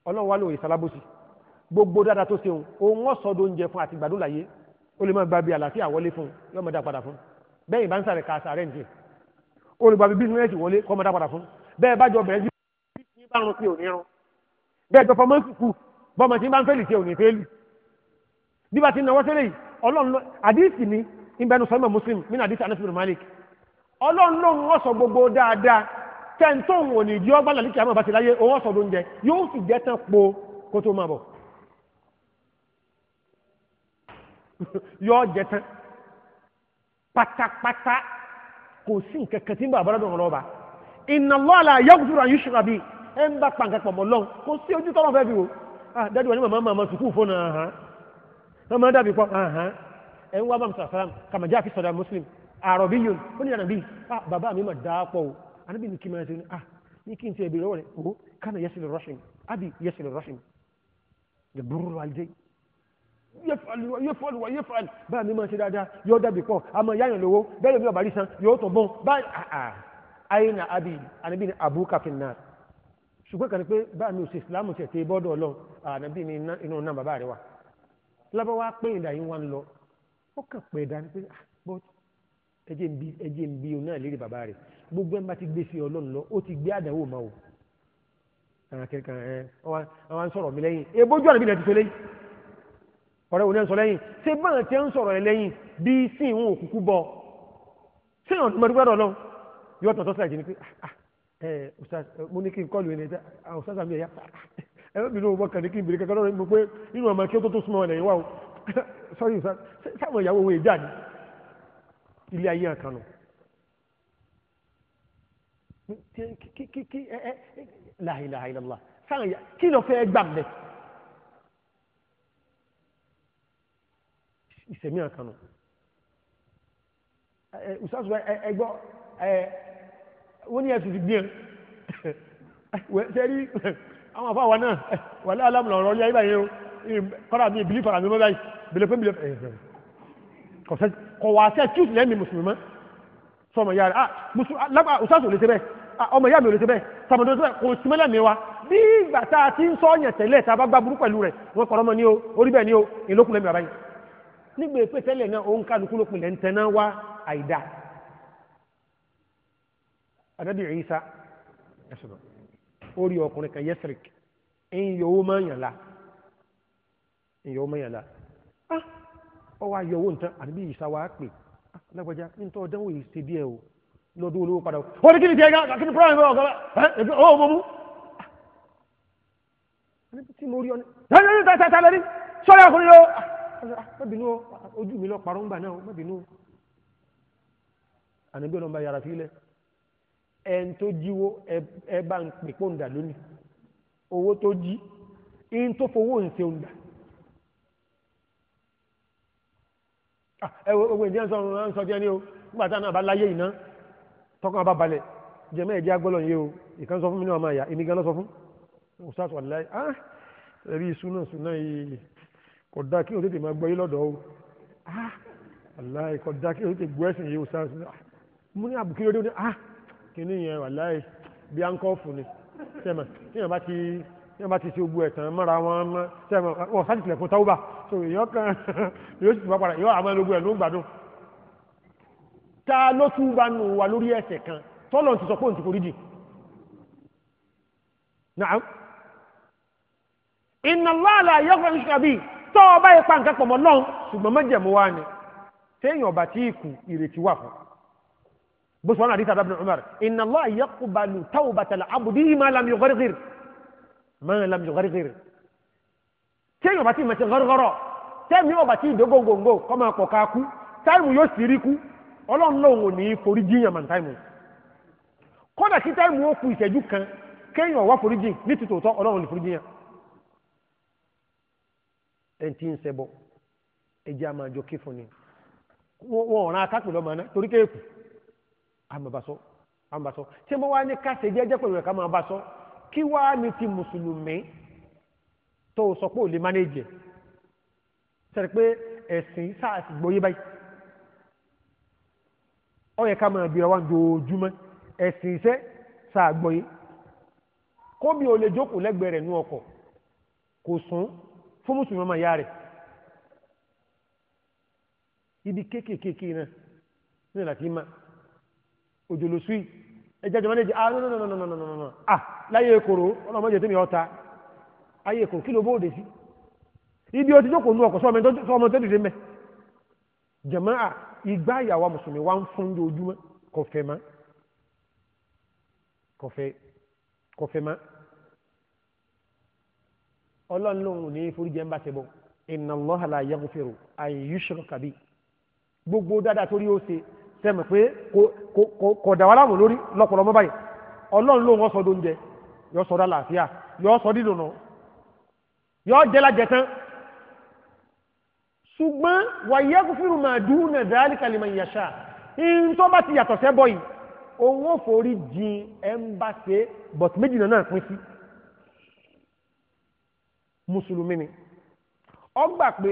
ọlọ́run wá lóye ìsalábòsí gbogbo dáadáa tó ṣe òun òun wọ́n sọ́dọ̀ oúnjẹ fún àti gbàdúrà láyé ó lè máa gba bí àlàáfíà wọlé fún yọ́mọdá padà fún bẹ́ẹ̀ ìbá ń sàrẹ̀ ká sàrẹ̀ ń jẹ olùgbàbí bísíǹnẹ́sì wọlé kọ́mọdá padà fún bẹ́ẹ̀ bá jọ bẹ̀rẹ̀ sí bí bá rún sí òní rún bẹ́ẹ̀ jọ fọmọ sùkú bọ́mọ tí bá ń fẹ́lì sí òní fẹ́lì bí bá ti náwó sílẹ̀ yìí ọlọ́run àdìsí ni ìbẹnu sọ́mọ̀ muslim nínú àdìsí anas malik ọlọ́run ló ń wọ́n sọ gbogbo dáadáa tẹ́ǹtọ́ òun ò ní ìdí ọgbà lálẹ́ kí àmọ́ bá ti láyé òun ọ̀sọ̀ lóúnjẹ yóò sì jẹ́ tán po kó tó máa bọ̀ yóò jẹ tán pátápátá kò sí nǹkan kan tí ń bá àbọ̀dọ̀ ọ̀rọ̀ ọba inna Allah la yaghfiru an yushra bihi ẹ ń bá pàǹkà pọ̀ mọ́ lọ́n kò sí ojú tọ́lọ́ fẹ́ fi wò ah dájú wa ní màmá màmá sùkúù fún náà hàn náà máa dàbí pọ̀ hàn ẹ̀ ń wá bàmù sàlám kàmájà fi sọ̀dà muslim àròbí yòn ó ní ànàbí ah bàbá mi mà dáa pọ̀ o ànàbí ni kí máa ah ní kí n ti ẹ̀bí rẹ̀ o kánà abi yasilu rahim yẹ burú lọ wa yẹfọlù wa yẹfọlù báyà mi máa ṣe dáadáa yọ dàbí pọ̀ àmọ́ yáyàn lówó bẹ́ẹ̀ lómi ọ̀bàrí san yóò tọ̀ aina abi anabi ni abuka fi nnar ṣùgbọ́n kan ní pé bá mi ò sí islam ṣe ti bọ́dọ̀ anabi ni inú náà bàbá rẹ pé ìdá yín wá ń lọ ó kàn pé dání pé ah, ẹjẹ ń bí ẹjẹ ń bí bàbá rẹ gbogbo ẹ̀ ń ti gbé sí ọlọ́run lọ ó ti gbé àdánwò ma wò kankan ẹ àwọn ń sọ̀rọ̀ mi lẹ́yìn ebójú àdàbí náà ti fẹ́ lẹ́yìn ọ̀rẹ́ wo ni ń sọ lẹ́yìn ṣé báyìí ti ń sọ̀rọ̀ ẹ lẹ́yìn bí bọ yóò tọ̀ sọ́sà ìjìnlẹ̀ pé ah, ah, ẹ mo ní kí n kọlu ẹni àwọn sọ́sà mi ẹ̀yà ẹ bẹ́ẹ̀ ah, mi ló wọ́n kàn ní kí n bèrè kankan lọ́rọ̀ mo pé inú ọmọ kí ó tó tó súnmọ́ ẹ̀yìn wá o sọ́rí sáwọn ìyàwó owó ìjà ni ilé ayé àkàn nù. la ilaha illallah sáwọn ìyà kí ló fẹ́ gbà mẹ́ ìsẹ̀mí àkàn nù. ẹ ẹ ẹ gbọ́ ẹ wọ́n ní ẹ̀sùn ti gbìyàn ṣẹ́rí àwọn afọ àwọn náà wà láàlámù lọ́rọ̀ yá ibà yẹn o kọ́ra mi ìbílí fara mi mọ́ báyìí bèlè fún bèlè fún ẹ̀ kọ̀ wá sí ẹ̀kí ìsìlẹ̀ mi mùsùlùmí mọ́ sọ ọmọ ìyá rẹ̀ ah mùsùlùmí lápá òṣàṣù lè ṣe bẹ́ẹ̀ ah, ọmọ ìyá mi ò lè ṣe bẹ́ẹ̀ sàmọ̀dọ̀ ṣe kò sí mẹ́lẹ̀ mi wa bí ìgbà tá a ti ń sọ ọ̀yàn tẹ́lẹ̀ tá a bá gbá burú pẹ̀lú rẹ̀ wọ́n kọ̀ ọmọ ní o orí bẹ́ẹ̀ ní o ìlókùnlẹ̀ mi bàbá yìí nígbà èpè tẹ́lẹ̀ náà òun kálukú lópin lẹ́ńtẹ́ náà wá àìdáa anabi isa ẹsùn náà ó rí ọkùnrin kan yẹsìrìk ń yọ owó máa ń yàn la ń yọ owó máa ń yàn la ah ọ wá yọ owó nǹkan anabi isa wá pè alágbájá nítorí ọdẹ́wò yìí ṣe díẹ̀ o lọ́dún olówó padà ó ní kí ni tiẹ̀ ká kí ni prime ọ̀gá ẹ̀ ọ̀ mọ̀ mú tí mo rí ọ ní lọ́dún tàtàtà lẹ́ni sọ́rí ọkùnrin yóò mọ́bìnú ojú mi lọ parọ́ ń náà mọ́bìnú àníbí ọlọ́mọba yàrá fi ẹn tó jíwó ẹ bá ń pè pọ̀ ń dà lónìí owó tó jí in tó fowó ń ṣe ń dà. Ah, ẹ wo ogun ìdí ẹ̀ ń sọ jẹ́ ní o nígbà táwọn náà bá láyé ìná tọkàn bá balẹ̀ jẹ́mọ́ ẹ̀jẹ̀ agbọ́lọ̀ yìí o ìkan sọ fún mi ní ọmọ àyà èmi gan sọ fún ustaz wàlláhì ah ẹ̀rí súnà súnà yìí kò dáa kí o tètè máa gbọ́ yìí lọ́dọ̀ o ah wàlláhì kò dáa kí o tètè gbọ́ ẹ̀sìn yìí ustaz ah, mo ní àbùkí lóde ah kìíní yẹn wà láì bí áńkọ́ọ̀fù ni sẹ́mọ̀ tíyàn bá ti tíyàn bá ti ṣe gbogbo ẹ̀tàn mọ́ra wọn mọ́ sẹ́mọ̀ wọ́n sáà ti tilẹ̀kùn táwùbà so èèyàn kan yóò sì tún padà yóò àmọ́ ẹlógún ẹ̀ ló ń gbádùn. ta ló tún bá nù wà lórí ẹsẹ̀ kan tọ́lọ̀ ti sọ pé òun ti forí dì. Na'am. Inna Allah la yaghfiru an yushraka bihi tọ́ ọba ipa nǹkan pọ̀ mọ́ lọ́n ṣùgbọ́n mọ́jẹ̀mú wa ni téèyàn ọba tí ì kù ìrètí wà fún un bó sọ wọn àdìsá ibn Umar inna Allah yaqbalu tawbatal abdi ma lam yugharghir ma lam yugharghir téèyàn bá ti mẹsẹ gọrọgọrọ tẹmí ọba tí ìdógóngóngó kọ́ máa pọ̀ ká kú táìmù yóò sì rí kú ọlọ́run lòun ò ní forí jíyàn màn táìmù kódà kí táìmù ó ku ìṣẹ́jú kan kéèyàn wá forí jìn ní tòótọ́ ọlọ́run lè forí jíyàn ẹ̀ ń tí ń sẹ́bọ̀ ẹ̀jẹ̀ àmàjọ kí fún ni wọ́n ọ̀ràn akápẹ̀ lọ́mọ náà torí kéèkù Amabaso, amabaso. tí wọ́n wá ní káṣẹ jẹ́jẹ́ pẹ̀lú ẹ̀ka máa bá sọ kí wá ní ti mùsùlùmí tó sọ pé ò lè mánéjì sẹ́rẹ̀ pé ẹ̀sìn sáà sì gbọ́yé báyìí ó yẹ ká máa bìrọ̀ wá dojúmọ́ ẹ̀sìn iṣẹ́ sáà gbọ́yé kóbi ò lè jókòó lẹ́gbẹ̀ẹ́ rẹ̀ ní ọkọ̀ kò sún fún mùsùlùmí ọmọ ìyá rẹ̀ ibi kéékèèké náà ní ìlàtí máa òjòló sùn ẹjẹ ah no no no no no no no ah láyé ekoro ọlọ́run mọ́jọ tèmi ọ̀ta ayé ekoro kí ló bóde sí ibi o ti jókòó nu ọkọ̀ sọ́ọ̀mọ tó dìde mẹ́ wa ń fún ojoojúmọ́ kò fẹ́ mọ́ kò fẹ́ ní ń bá ṣe gbogbo dáadáa torí ó tẹ́mọ̀ pé kò dà wá láàmú lórí lọ́pọ̀lọ́ mọ́ báyìí ọlọ́run ló wọ́n sọ tó ń jẹ yọ sọ lálàáfíà yọ sọ dídùn nù yọ jẹ́ lájẹ tán ṣùgbọ́n wàyẹ́ kò fírù máa dùn náà dáálì kalimọ̀ ìyàṣà ìyìn tó bá ti yàtọ̀ sẹ́ bọ́ yìí òun ò forí jin ẹ̀ ń bá ṣe bọ̀t méjì náà pín sí mùsùlùmí ni ọgbà pé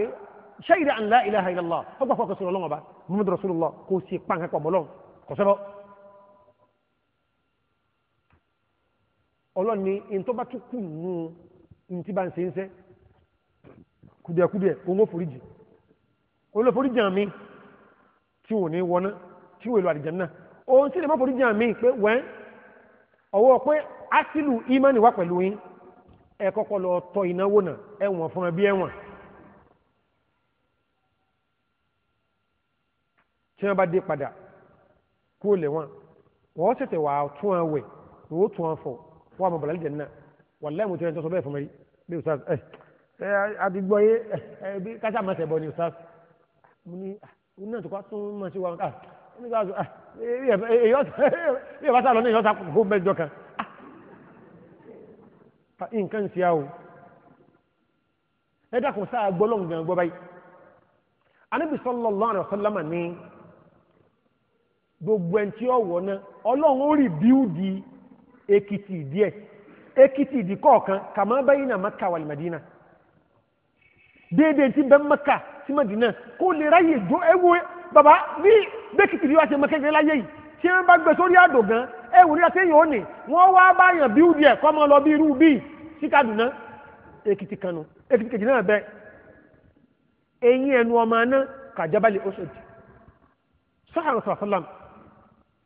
ṣẹ́yìdá an la ilaha ọgbà fọkàn sí ọlọ́run ọba muhammadu rasulullah kò sí pàǹkà pọ̀ mọ́lọ́n kò sẹ́bọ̀. ọlọ́run ni ntọ́ bá tún kù nù ntí bá ń ṣe ń sẹ́ kùdìẹ̀kùdìẹ̀ òun ó foríjì òun ló foríjì àmì tí wò ní wọná tí wò èlò àdìjàn náà òun sì ẹ tí wọ́n bá dé padà kúrò lẹ́wọ̀n wọ́n tètè wà tún wọn wẹ̀ wọ́n tún wọn fọ̀ wọ́n àmọ̀ bàlálì jẹ̀nà wàláì mo ti rẹ̀ ń tọ́sọ bẹ́ẹ̀ fún mi eh, eh, eh, bí ustaz ẹ ẹ adigbọ yé ẹ bí kájà máa tẹ̀ bọ̀ ni ustaz mo ní mo ah, náà tó kọ́ tún máa ṣe wọn ah, ká nígbà tó èyí ọ̀sán lọ ní èyí ọ̀sán kó mẹ́jọ kan ah, nǹkan ń ṣe o ẹ dákun sáà gbọ́ lọ́ngàn gbọ́ báyìí anábì sallallahu alaihi wasallam ní gbogbo ẹni tí ọ̀wọ́ náà ọlọ́run ó rì bíúdi èkìtì díẹ̀ èkìtì ìdí kọ̀ọ̀kan kàmá báyìí náà maka wà lìmàdínà déédéé tí bẹ́ẹ̀ maka sí màdínà kó lè ráyè jó ẹ wo bàbá bí bẹ́kìtì bí wàá ṣe mọ́kẹ́kẹ́ láyé yìí tí wọ́n bá gbé sórí àdó gan ẹ wò nígbà téèyàn ó nì wọ́n wá báyàn bíúdi ẹ̀ kọ́ mọ́ lọ bí irú bíi sí Kaduna èkìtì kanu èkìtì kejì náà bẹ́ẹ̀ eyín ẹnu ọmọ aná kàjábálẹ̀ Ọ̀ṣọ́dì sọ́hàn sọ̀rọ̀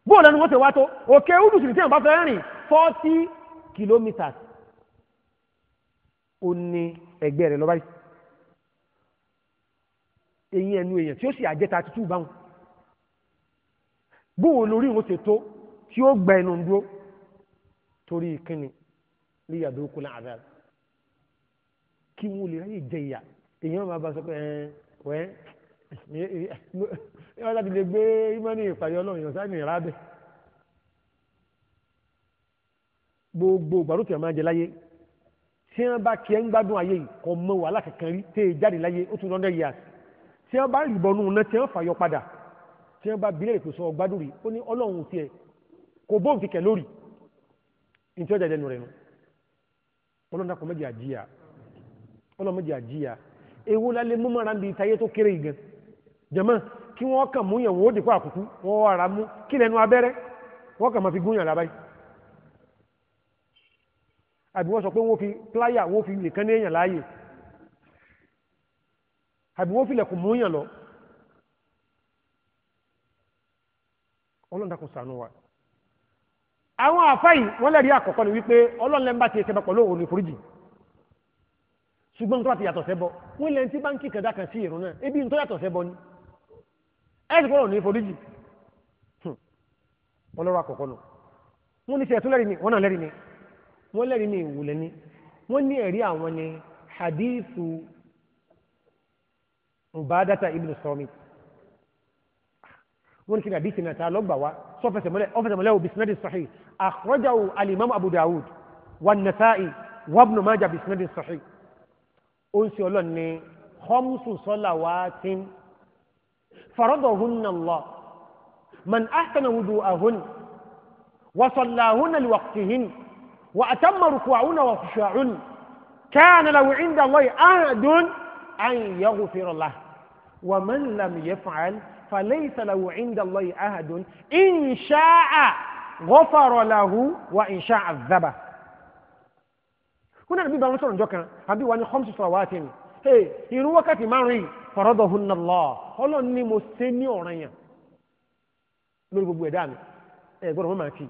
bóò lẹ́nu wọ́n ti wá tó òkè udus ní tí wọ́n bá fẹ́ rìn forty kilometres ó ní ẹgbẹ́ rẹ̀ lọ́ba yìí eyín ẹnu èèyàn tí ó sì àjẹta àti túbà wọn bóò lórí wọn ti tó tí ó gba ẹnu dúró torí kíni líyàdó kó náà àdáyà kí wọn lè ráyè jẹ ìyà èèyàn máa bá sọ pé ẹ wẹ́ẹ́ ní wọ́n láti lè gbé ìmọ̀ni ìpàdé ọlọ́run yàn sáà ní ìrábẹ̀ gbogbo gbàrúkì ọmọ ajẹ láyé tí wọ́n bá kí ẹ ń gbádùn ayé yìí kò mọ wàhálà kankan rí tẹ́ ẹ jáde láyé ó tún lọ́dẹ̀ yíyá tí wọ́n bá rìbọnú náà tí wọ́n fàyọ padà tí wọ́n bá bílẹ̀ ìpèsè ọgbádùn rí ó ní ọlọ́run tiẹ̀ kò bóun ti kẹ̀ lórí ní tí wọ́n jáde nù rẹ̀ nù ọlọ́run dàpọ̀ méjì àjíyà ọlọ́run méjì àjíyà ewu lálẹ́ mú mọ́ra ń bi táyé tó kéré yìí gan-an jẹmọ́ kí wọ́n kàn mú yàn wọ́n ó dìpọ̀ àkùkú wọ́n wà rà mú kí lẹ́nu abẹ́rẹ́ wọ́n kàn máa fi gúnyàn lábáyé àbí wọ́n sọ pé wọ́n fi pláyà wọ́n fi lè ní èèyàn láàyè àbí wọ́n fi lẹ̀kùn mú yàn lọ ọlọ́run dákun ṣàánú wa àwọn àfáì wọ́n lẹ́rìí àkọ́kọ́ ni wípé ọlọ́run lẹ́mbà ti ẹsẹ̀ bọ̀ pẹ̀lú òun ìforíjì ṣùgbọ́n tó bá yàtọ̀ sẹ́bọ̀ wọ́n lẹ́ni tí bá kẹ̀dá kan sí ìrún náà ebi ń tó sẹ́bọ̀ ni ẹ̀ẹ́dì kọ́nà ní foríjì ọlọ́rọ̀ àkọ́kọ́ nù wọ́n ní sẹ́ẹ̀tún lẹ́rìí ni wọ́n náà lẹ́rìí ni wọ́n lẹ́rìí ni ìwòlẹ́ ni wọ́n ní ẹ̀rí àwọn ni hadithu Ubadata ibn Samit wọ́n ní kí ni hadithi náà ta lọ́gbà wa sọ́fẹsẹ̀mọ́lẹ́ ọ̀fẹsẹ̀mọ́lẹ́ ò bisinadi sahih akhrajahu alimami Abu Dawud wa Nasa'i wa Ibn Majah bisinadi sahih ó ń sọ ọlọ́ni khamsu salawatin فرضهن الله من أحسن وضوءهن وصلاهن لوقتهن وأتم ركوعهن وخشوعهن كان لو عند الله عهد أن يغفر له ومن لم يفعل فليس لو عند الله عهد إن شاء غفر له وإن شاء عذبه هنا النبي بقى مثلا جوكا النبي وأن خمس صلوات هي hey, يروى ماري faradahunna Allah ọlọ́run ni mo ṣe ní ọ̀ràn yàn lórí gbogbo ẹ̀dá mi ẹ̀ gbọ́dọ̀ mọ́ màá fi.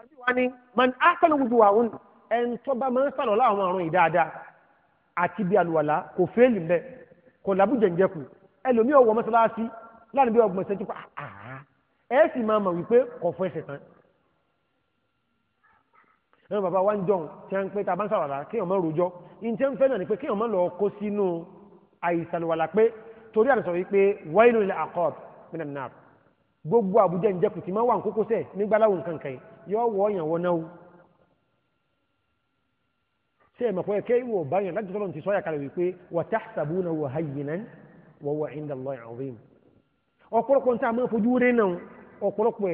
àbí wa ni man ahsanu wudu'an ẹn tó bá máa ń sàlọ̀ láwọn àrùn ìdáadáa àti bí àlùwàlá kò fẹ́ẹ̀lì mbẹ́ kò làbújẹ̀ ń jẹ́kù ẹlòmíì ọwọ́ mọ́sálásí láàrin bí ọgbọ̀n ṣẹ́jú pa àhá ah, ah. ẹ sì máa mọ̀ wípé kò fọ́ ẹsẹ̀ tán. ẹnu bàbá wa ń jọun tí a ń pẹ́ tá a bá ń sàlọ̀ àìsàlùwàlà pé torí àrùsọ wípé wáìlú ilẹ̀ àkọ́ọ̀bù mìíràn náà gbogbo àbújá ń jẹ́kù tí máa wà ń kókó sẹ̀ nígbàláwò nǹkan kan yóò wọ ọ̀yàn wọ náà ṣé ẹ̀mọ̀ pé kẹ́ ìwọ̀ báyàn láti tọ́lọ́ ti sọ́yà kalẹ̀ wípé wa tahsabunahu hayyinan wa huwa inda Allahi azim ọ̀pọ̀lọpọ̀ ń tà máa fojú rí náà ọ̀pọ̀lọpọ̀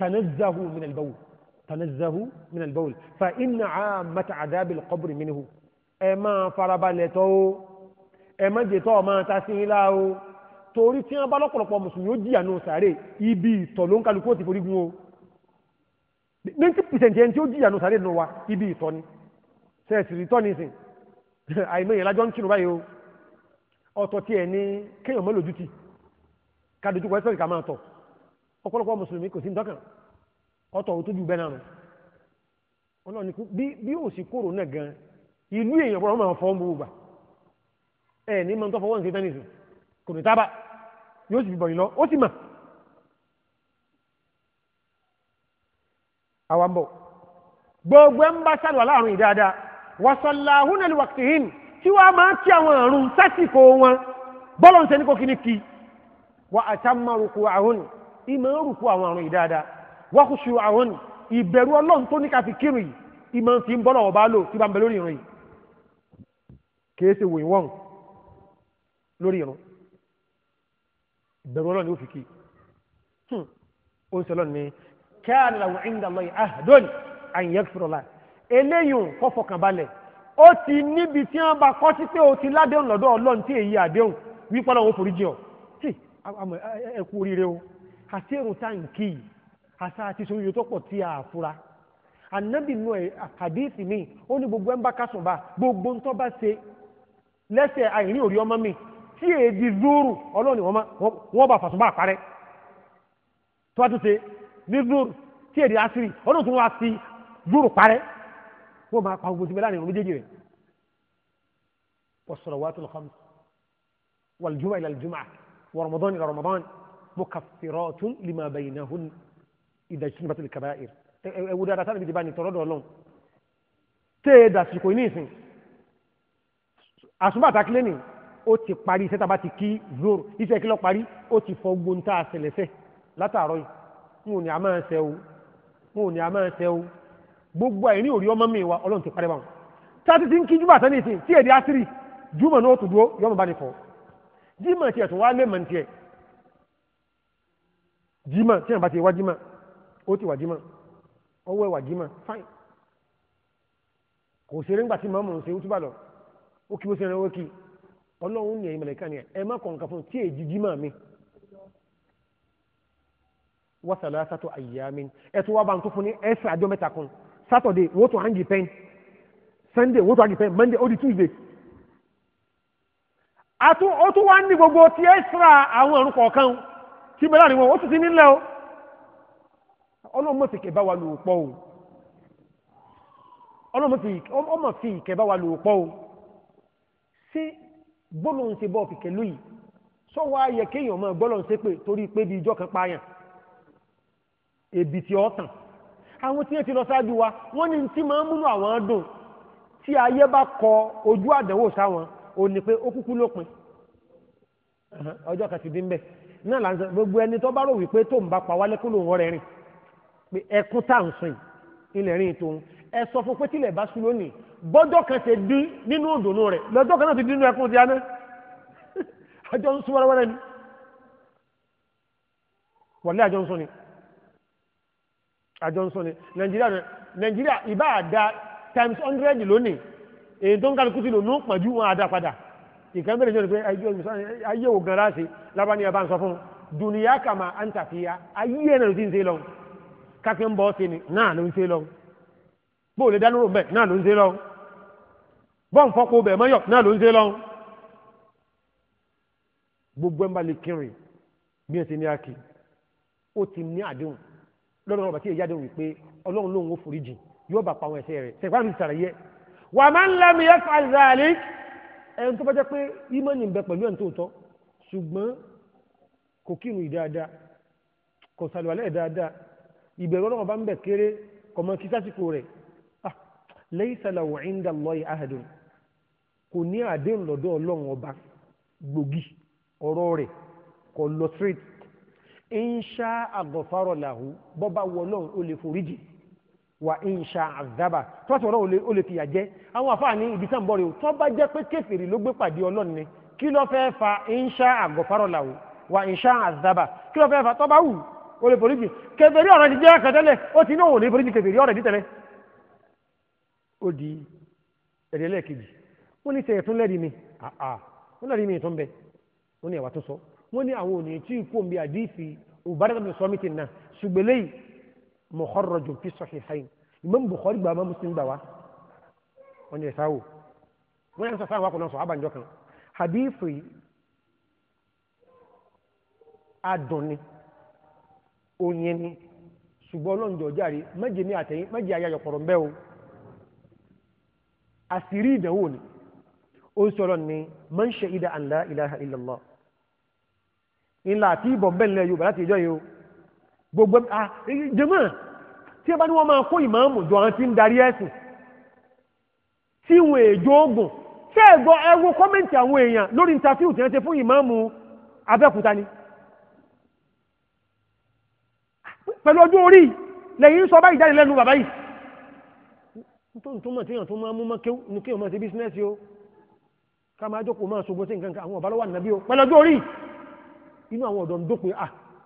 تنزهوا من البول تنزهوا من البول فإن عامة عذاب القبر منه أما فربالتو أما جيتو ما تسيلاو torí tí wọ́n bá lọ́pọ̀lọpọ̀ mùsùlùmí ó jìyà náà sàárè ibi ìtọ̀ ló ń kálukú ó ti forí gun o ninety percent ẹni tí ó jìyà náà sàárè nù wa ibi ìtọ̀ ni sẹ́ẹ̀sì ìtọ̀ ni sìn àìmọ̀ yẹn lájọ́ ń kírun báyìí o ọ̀tọ̀ tiẹ̀ ni kéèyàn mọ́ lójútì ká dojú kọ máa tọ̀ ọ̀pọ̀lọpọ̀ mùsùlùmí kò sí ń dọ́kàn ọ̀tọ̀ ò tójú bẹ́ẹ̀ náà ọlọ́run ni bí ó sì kúrò náà gan ìlú èèyàn ọ̀pọ̀lọpọ̀ máa fọ́ ń gbogbo gbà ẹ ní máa ń tọ́fọ́ wọ́n ń ṣe tẹ́nìsì kò ní tábà yóò sì fi bọ̀yìn lọ ó sì mà àwa ń bọ̀ gbogbo ẹ̀ ń bá sálùwà láàrin ìdáadáa wàsàláhùn ẹ̀lú wàkìtìhìn tí wàá máa kí àwọn àrùn sásìkò wọn bọ́lọ̀ ń ṣe ní kò kí wà á sá máa àhónì ìmọ̀ ń rùkú àwọn àrùn ìdáadáa wọ́n kú ṣu àwọn ni ìbẹ̀rù ọlọ́run tó ní ká fi kírun yìí ìmọ̀ fi ń bọ́lọ̀ ọ̀bá lò tí bá ń bẹ lórí ìrìn yìí wòyìn wọ́n lórí ìrún ìbẹ̀rù ọlọ́run ni ó fi kí hmm. ó ń sọlọ́ ni kana lahu inda Allahi ahdun an yaghfira lahu eléyìí kó fọkàn balẹ̀ ó ti níbi tí wọ́n bá kọ́ sí pé ó ti ládéhùn lọ́dọ̀ ọlọ́run tí èyí àdéhùn wípé forí jìn ọ́ ẹ oríire o àtẹ́rù táǹkì àṣà àti sọ yóò tó pọ̀ tí a fura ànábì nù ẹ̀ àkàdéèsì mi ó ní gbogbo ẹ̀ ń bá kásùn bá gbogbo ńtọ́ bá ṣe lẹ́sẹ̀ àìrí òrí ọmọ mi tí èdè zúrù ọlọ́ọ̀ni wọ́n bá fàṣùn bá àparẹ́ tó wá tún ṣe ní zúrù tí èdè asiri ọlọ́ọ̀ni tó wá sí zúrù parẹ́ wọ́n máa pa gbogbo ti bẹ́ láàrin òun méjèèjì rẹ̀ wọ́n sọ̀rọ̀ wàá tó mukaffiratun lima baynahun idha ijtanibatil kaba'ir ẹwù dáadáa sáà níbi ìdìbò àni tọrọdọ Ọlọ́run tẹ ẹ dàsìkò ní ìsìn àsùnbà àtàkìlẹ ni ó ti parí iṣẹ́ tàbá ti kí zoro iṣẹ́ kí lọ parí ó ti fọ gbóńtà àṣẹlẹsẹ látàárọ̀ yìí n ò ní a máa ṣe o n ò ní a máa ṣe o gbogbo àìní òrí ọmọ mi wa Ọlọ́run ti parí báwọn tàti ti ń kí júbà sẹ́ni ìsìn tí èdè àṣírí júmọ̀ náà ó tù dúró yọmọ bá ní fọ jímọ̀ tiẹ̀ tó wá lé mọ̀ ní tiẹ̀ jimá tí yàn bá ti wá jimá ó ti wà jimá ọwọ́ ẹ̀ wà jimá fáìn kò ṣeré ńgbà tí màmú ń ṣe ó túbà lọ ó kí ó ṣe ẹran ó kí ọlọ́run ní ẹ̀yìn mẹ̀lẹ́ká ni ẹ má kọ̀ǹkà fún tí èjì jimá mi wọ́n sàlẹ̀ sátọ̀ àyíyá mi ẹ tó wá bá ń tó fún ní ẹ̀sẹ̀ àjọ mẹ́ta kan sátọ̀dẹ̀ wọ́n tó hànjì pẹ́ẹ́n sunday wọ́n tó hànjì pẹ́ẹ́n monday ó di tuesday àtún ó tún wá ní gbogbo ti ẹ̀sẹ̀ àwọn ọ̀run kọ̀ọ̀kan tí bẹ́ẹ̀ láàrin wọn ó sì ti nílẹ̀ o ọlọ́mọ ti kẹ̀ bá wa o ọlọ́mọ ti ọmọ fi ìkẹ́ bá wa lò o ṣé gbólóhùn ṣe bọ́ọ̀ kìkẹ́ lóyìí sọ wá yẹ kéèyàn máa gbọ́lọ́hùn ṣe pé torí pé bí ijọ́ kan pààyàn èbì tí ó tàn àwọn tí wọ́n ti lọ ṣáájú wa wọ́n ní tí máa ń múnú àwọn dùn tí ayé bá kọ ojú àdánwò sáwọn ò ní pé ó kúkú lópin ọjọ́ kan ti dín bẹ́ẹ̀ náà là ń sọ gbogbo ẹni tó bá rò wípé tó ń bá pa wálé kó ló ń wọ́rẹ́ rìn pé ẹkún tá à ń sìn ilẹ̀ rìn tòun ẹ sọ fún pé tílẹ̀ bá sùn lónìí bọ́jọ́ kan ṣe dín nínú òdòdó rẹ̀ lọ́jọ́ kan náà ti dín nínú ẹkún ti aná àjọ ń sún wẹ́rẹ́wẹ́rẹ́ ni wọ̀lé àjọ ń sún ni àjọ ń sún ni nàìjíríà nàìjíríà ìbá àdá times hundred lónìí èyí tó ń kálukú ti lò ní pọ̀jú wọn àdá padà ìkan bẹ̀rẹ̀ jọ ni pé ayé wò gan láti lábá ní ẹbá ń sọ fún dùnìyà kàmà à ń tàfíyà ayé ẹ̀ náà ló ti ń ṣe lọ kákẹ́ ń bọ́ sí ni náà ló ń ṣe lọ bóòlù dánúrò bẹ́ẹ̀ náà ló ń ṣe lọ bọ́ǹ fọ́pọ̀ bẹ́ẹ̀ mọ́yọ̀ náà ló ń ṣe lọ gbogbo ẹ̀ ń bá lè kírun bí ẹ̀ ti ní akí ó ti ní àdéhùn lọ́dọ̀ ọ̀bà tí èyí àdéhùn wípé ọlọ́run lóun ó foríjì yóò bà pa àwọn ẹ̀ṣẹ̀ rẹ̀ tẹ̀gbọ́n mi sàrẹ̀ yẹ wàmán ẹni tó bá jẹ́ pé ìmọ̀nì ń bẹ pẹ̀lú ẹni tó tọ́ ṣùgbọ́n kò kírun ìdáadáa kò sàlùwàlẹ̀ dáadáa ìbẹ̀rù ọlọ́run bá ń bẹ̀ kéré kò mọ rẹ̀ ah, ahadun kò ní àdéhùn lọ́dọ̀ ọlọ́run ọba gbòógì ọ̀rọ̀ rẹ̀ kò lọ straight wọ ọlọ́run ó lè foríjì wà ìṣà àzábà tó sì ọlọ́run ó lè fìyà jẹ́ àwọn àfáà ní ibi sáà ń bọ̀ rẹ̀ tó bá jẹ́ pé kèfèrí ló gbé pàdé ọlọ́run ni kí ló fẹ́ fa ìṣà àgọ̀fárọ̀ làwò wà ìṣà àzábà kí ló fẹ́ fa tó bá wù ó lè foríjì kèfèrí ọ̀rọ̀ ti jẹ́ kẹtẹ́lẹ̀ ó ti ní òun ní foríjì kèfèrí ọ̀rọ̀ ti tẹ̀lé. ó di ẹ̀rẹ́ lẹ́ẹ̀kejì wọ́n ní sẹ̀yẹ̀ tún lẹ́rìí mi mukharrajun fi sahihayn imam bukhari gba ma muslim gba wa wọn yẹ sáwò wọn yẹ sọ sáwò akọ̀nà sọ abànjọ kan hadithu yìí adùnni oyin ni ṣùgbọ́n ọlọ́njọ́ járe méje ní àtẹ̀yìn méje ayayọ̀ pọ̀rọ̀ ń bẹ́ o àṣírí ìdánwò ni ó ń sọ̀rọ̀ ni man shahida an la ilaha illallah ńlá àti ìbọn bẹ́ẹ̀ ní ilẹ̀ yorùbá láti ìjọ yìí o gbogbo ah, jẹ́mọ́ tí ẹ bá ní wọ́n máa kó ìmáàmù jọ àwọn tí ń darí ẹ̀sìn tí wọ́n èjò ogun ṣé ẹ gbọ́ ẹ wo kọ́mẹ́ǹtì àwọn èèyàn lórí ìntàfíù tí wọ́n ṣe fún ìmáàmù Abẹ́òkúta ni pẹ̀lú ọjọ́ orí lẹ́yìn sọ báyìí jáde lẹ́nu bàbá yìí tó ń tó mọ̀ tí èèyàn tó máa mú mọ́ kí wọ́n máa ṣe bísínẹ́sì o ká máa jókòó máa ṣògbó sí nǹkan àwọn ọ̀bá lọ́wọ́ ànábí o pẹ̀lú ọjọ́ orí inú àwọn ọ̀dọ́ ń dópe ah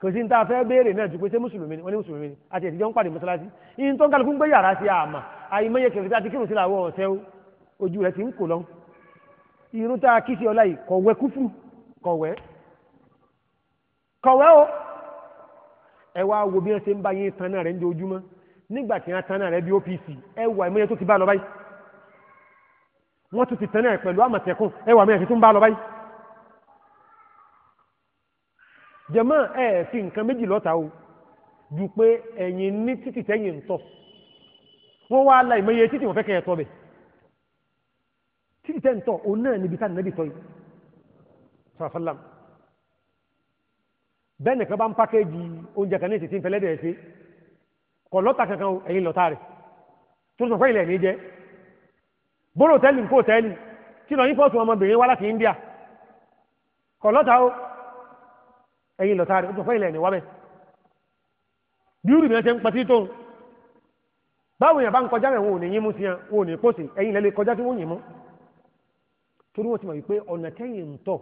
kò sí ní ta fẹ́ béèrè náà ju pé ṣé mùsùlùmí ni wọ́n ní mùsùlùmí ni àti ẹ̀tìjọ́ ń pàdé mọ́sálásí yìí tó ń kálukú ń gbé yàrá sí àmà àyìnbáyé kẹfì tá a ti kírun sí làwọn ọ̀sẹ̀ ojú rẹ̀ ti ń kò lọ. irun tá a kí sí ọlá yìí kọ̀wẹ́ kúfù kọ̀wẹ́ kọ̀wẹ́ o ẹ wá wo bí wọ́n ṣe ń bá yín tan náà rẹ̀ ń di ojúmọ́ nígbà tí wọ́n tan náà rẹ̀ bí OPC ẹ wà àyìnbáyé tó ti bá lọ báyìí wọ́n tún ti tan náà pẹ̀lú àmọ̀tẹ́kùn ẹ wà àyìnbáyé tó ń bá lọ báyìí jẹ̀mọ́ ẹ̀ fi nǹkan méjì lọ́ta o ju pé ẹ̀yin ní títì tẹ́yìn ń tọ̀ wọ́n wá la ìmọ̀ye títì wọ́n fẹ́ kẹ́ ẹ̀ tọ́ bẹ̀ títì tẹ́yìn tọ̀ òun náà níbi tá nàbì tọ́ yìí sàfàlám bẹ́ẹ̀ nìkan bá ń pákéjì oúnjẹ kan ní ìtìtì ìfẹ́lẹ́dẹ̀ ẹ̀ sí kọ̀ lọ́ta kankan ẹ̀yin lọ́ta rẹ̀ tó sọ fẹ́ ilẹ̀ ní jẹ́ bóró tẹ́lì ń kó tẹ́lì kí lọ yín fọ́ọ̀tù ọmọbìnrin wá láti India kọ̀ lọ́ta o ẹ̀yin lọ́ta rẹ̀ ó tún fẹ́ ilẹ̀ ìníwábẹ̀ bíúrù mìíràn ṣe ń pàtí tó ń báwọn èèyàn bá ń kọjá rẹ̀ wọn ò ní yín mú sí ẹ wọn ò ní pòsè ẹ̀yin lẹ́lẹ́ kọjá tí wọ́n yìn mú torí wọ́n ti mọ̀ wípé ọ̀nà tẹ́yìn ń tọ̀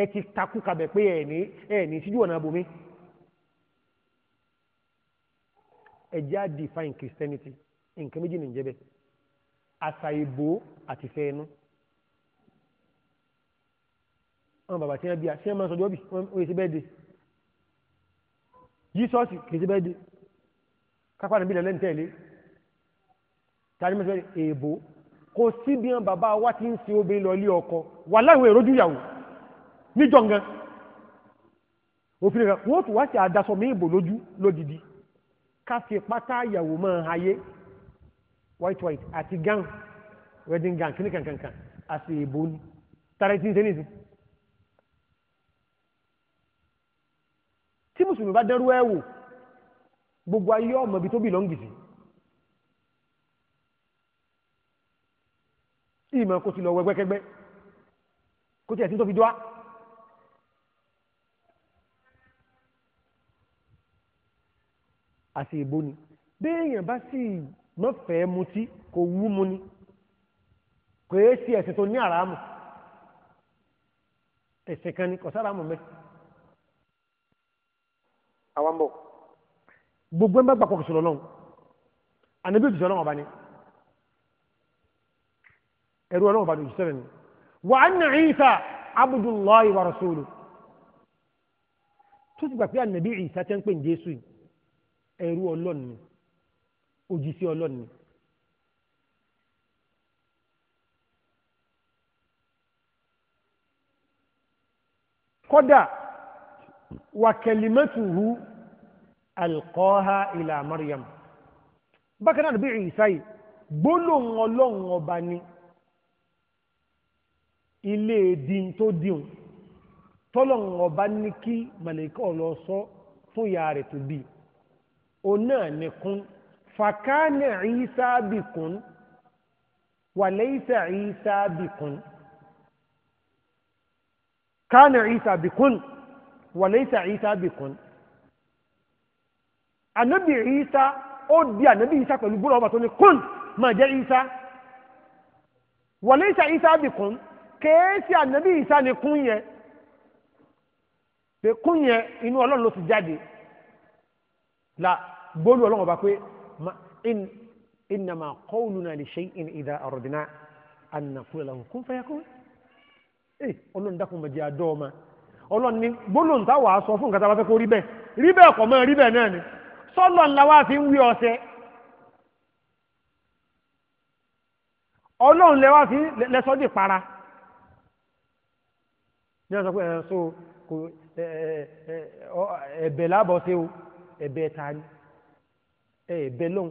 ẹ ti takú kabẹ̀ pé ẹ̀ ní ẹ̀ ní síjú ọ̀nà abomi ẹ já define Christianity nǹkan méjì nìjẹ́ àṣà ìbò àti fẹ́ẹ́nu àwọn bàbá tí wọ́n bí a ṣé máa sọjọ́ bì wọ́n yẹ sí bẹ́ẹ̀dẹ̀ jísọ́ọ̀sì kì í sí bẹ́ẹ̀dẹ̀ kápá níbi lẹ́lẹ́ni tẹ̀lé tani mẹ́sàn-án èèbó kò sí bí wọn bàbá wa ti ń ṣe obìnrin lọ ilé ọkọ wà láwọn èrò júyàwó níjọ ngan òfin rẹ wọn tún wá sí àdásọ mi ìbò lójú lódìdí ká pátá ìyàwó máa hayé white white àti gown wedding gown kíní kankankan àti èèbó ni tàrẹ́tì ń ṣe nìyí. mùsùlùmí bá dẹ́rú ẹ̀ wò gbogbo ayé ọmọ ibi tó bì lọ́ngì sí ìmọ̀ kò sì lọ wẹ́gbẹ́kẹ́gbẹ́ kò tiẹ̀ sí tó fi dọ́ á. àti ìbò ni béèyàn bá sì mọ́fẹ̀ẹ́ mutí kò wú mu ni kò é ẹ̀sìn tó ní àràmù ẹ̀sìn kan ni kò sára mu mẹ́sìn àwọn bọ̀ gbogbo ẹ̀ bá gbà pọ̀kì sọ̀rọ̀ lọ́n ànábì òjìṣẹ́ ọlọ́run ọba ni ẹ̀rú ọlọ́run ọba ni òjìṣẹ́ rẹ̀ ni wà á nà Ìsá abdullahi wa rasuluhu tó ti gbà pé ànábì Ìsá tẹ́ ń pè ní Jésù ẹ̀rú ọlọ́run ni òjìṣẹ́ ọlọ́run ni kódà وكلمته ألقاها إلى مريم بكنا نبي عيسى gbólóhùn ọlọ́run ọba ni ilé ìdín tó dìun tọ́lọ́run ọba ní kí màlẹ́kọ́ lọ sọ fún ìyá rẹ̀ tó bí o náà ní kún fàkánà ìsá bì kún wàlẹ́sà ìsá bì kún wàlẹ́sà ìsá bìkún ànábì ìsá ó di ànábì ìsá pẹ̀lú gbọ́dọ̀ ọba tó ní kún máa jẹ́ ìsá wàlẹ́sà ìsá bìkún kèésì ànábì ìsá ni kún yẹn pé kún yẹn inú ọlọ́run ló ti jáde la gbólú ọlọ́run ọba pé innama qawluna li shay'in idha aradna an naqula lahu kun fayakun eh ọlọ́run dákun mọ̀jẹ́ àdọ́ ọma ọlọ́run ní gbólóhùn táwa sọ fún nǹkan bá fẹ́ kó rí bẹ́ẹ̀ rí bẹ́ẹ̀ kọ́ mọ́ rí bẹ́ẹ̀ náà ni sọ́lọ́ ńlá wá fi ń wí ọlọ́run lẹ́wà fi lẹ́sọ́ para ní ọ̀sán pé ẹ̀ kò ẹ̀bẹ̀ lábọ̀ sí o ẹ̀bẹ̀ ta ni ẹ̀bẹ̀ lóhun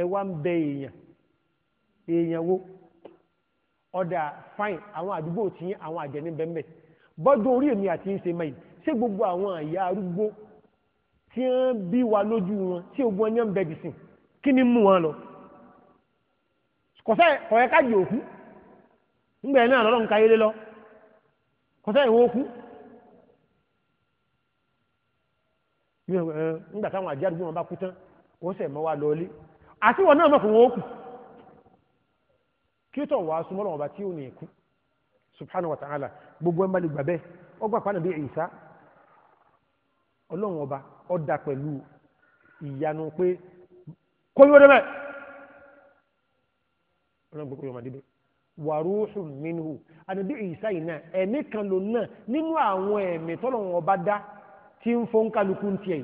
ẹ wá ń bẹ èèyàn èèyàn wo ọ̀dà àdúgbò tí àwọn àjẹ́ ní bẹ́ẹ̀ bọ́dún orí èmi àti ìṣe mẹ́yìn ṣé gbogbo àwọn àyà arúgbó tí wọ́n bí wa lójú wọn ṣé gbogbo wọn yẹn ń bẹ̀bì sìn kí ni mú wọn lọ kọ̀sẹ́ ọ̀yẹ́ káàdì òkú ńgbà ẹ̀ náà lọ́rọ̀ ń ka yẹlé lọ kọ̀sẹ́ ìwọ òkú ńgbà táwọn àjẹ́ àdúgbò wọn bá kú tán wọ́n sẹ̀ mọ́ wa lọ́ọ́lé àti wọn náà mọ̀kùn wọn ó kù kí ó tọ̀ wá súnmọ́ lọ́wọ́ bá tí ó ní ẹ̀kú subhanahu wa ta'ala gbogbo ẹ̀ ń lè gbà bẹ́ẹ̀ ọgbà pàdé bí Ìsá ọlọ́run ọba ọ̀dà pẹ̀lú ìyanu pé kóyó débẹ̀ ọlọ́run gbogbo yọmọdé bẹ́ẹ̀ wàrúhù na àdébí Ìsá yìí náà ẹ̀mí kan ló náà nínú àwọn ẹ̀mí tọ́lọ́run ọba dá tí ń fọ́n kálukú ń tiẹ̀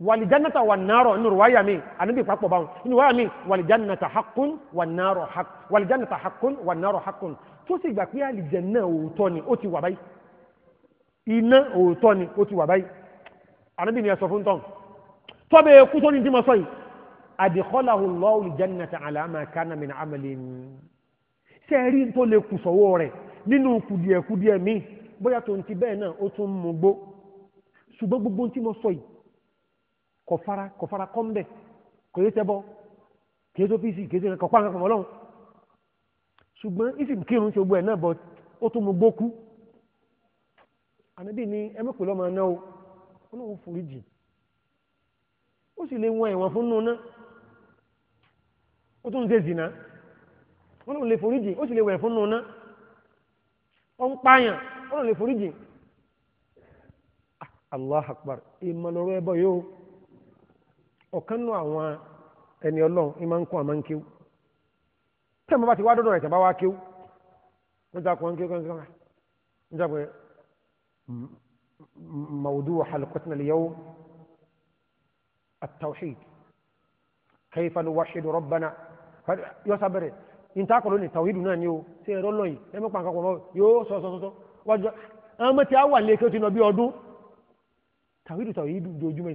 wàlìjánata wà nàárọ̀ nínú wáyà mi ànábì papọ̀ báwọn nínú wáyà mi wàlìjánata hakun wà nàárọ̀ hak wàlìjánata hakun wà nàárọ̀ hakun tó sì gbà pé àlìjánná òótọ́ ni ó ti wà báyìí iná òótọ́ ni ó ti wà báyìí ànábì ni ẹ sọ fún tán tọ́bẹ̀ ẹkú tó ní tí mo sọ yìí àdìkọ́láhùn lọ́wọ́ àlìjánata àlàmà kánà min amalin ṣe rí tó lè kù sọ́wọ́ rẹ̀ nínú kùdìẹ̀kùdìẹ̀ mi bóyá tó ń ti bẹ́ẹ̀ náà ó tún mú ṣùgbọ́n gbogbo tí mo sọ yìí kọfara kọfara kọ́ńbẹ kò yé sẹ́bọ kì í tó fíìsì kì í tó kọ̀ọ̀pá nǹkan mọ́ lọ́hùn ṣùgbọ́n ìsìn kírun ṣe gbogbo ẹ̀ náà bọ̀ ó tún mú gbókú ànábì ni ẹ mẹ́pẹ́ lọ́mọ o ó lóun forí jì ó sì lè wọn ẹ̀wọ̀n fún nù náà ó tún ń ṣe zìnà ó lóun lè forí jì ó sì lè wẹ̀ fún nù náà ó ń pààyàn ó lóun lè forí ah, Allah akbar ìmọ̀lọ́rọ̀ ẹ̀bọ̀ yóò ọ̀kan nù àwọn ẹni ọlọ́run ní máa ń kún àmọ́ ń kéwú tẹ́ mo bá ti wá dọ́dọ̀ rẹ̀ tẹ́ bá wá kéwú wọ́n ti àkọ́ ń kéwú kankan wọ́n ti àkọ́ موضوع حلقتنا اليوم التوحيد كيف نوحد ربنا يصبر انت اقول لي توحيد náà ni o ṣe ẹ̀rọ lọ́yìn ẹ mọ́ pàǹkà pọ̀ mọ́ yóò sọ sọ sọ wájú àwọn ọmọ tí a wà lé kí ti nà bí ọdún tàwídù tàwídù dojúmọ́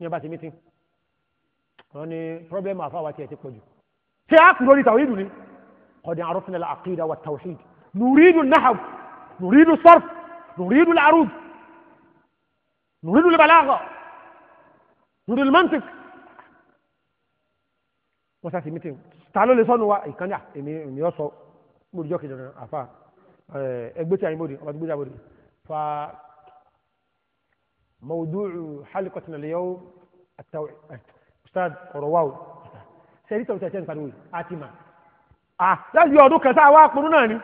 ní ọba ti mítìn wọn ní problem àfáwà tiẹ̀ ti pọ̀ jù ṣé a kúrò ní tàwíìdù ni ọ̀dẹ̀ àrùfin la àkìdá wa tàwíìd nùrídù nahab nùrídù sọ́rf nùrídù làrúd nùrídù lìbàlágà nùrídù mantik wọ́n sá sí mítìn ta ló lè sọ́nu wa ìkànnì ah, èmi èmi ọ̀sọ́ mo jọ́ kejì náà àfa eh, ẹgbẹ́ tí a yín bòde ọba tó gbé jábòde fa mawudu xalikọtina lè yọ ustad ọ̀rọ̀ wa o sẹ́yìn tó ń nípa ìwé àti mà á láti ọdún kẹta àwa àpònú náà ni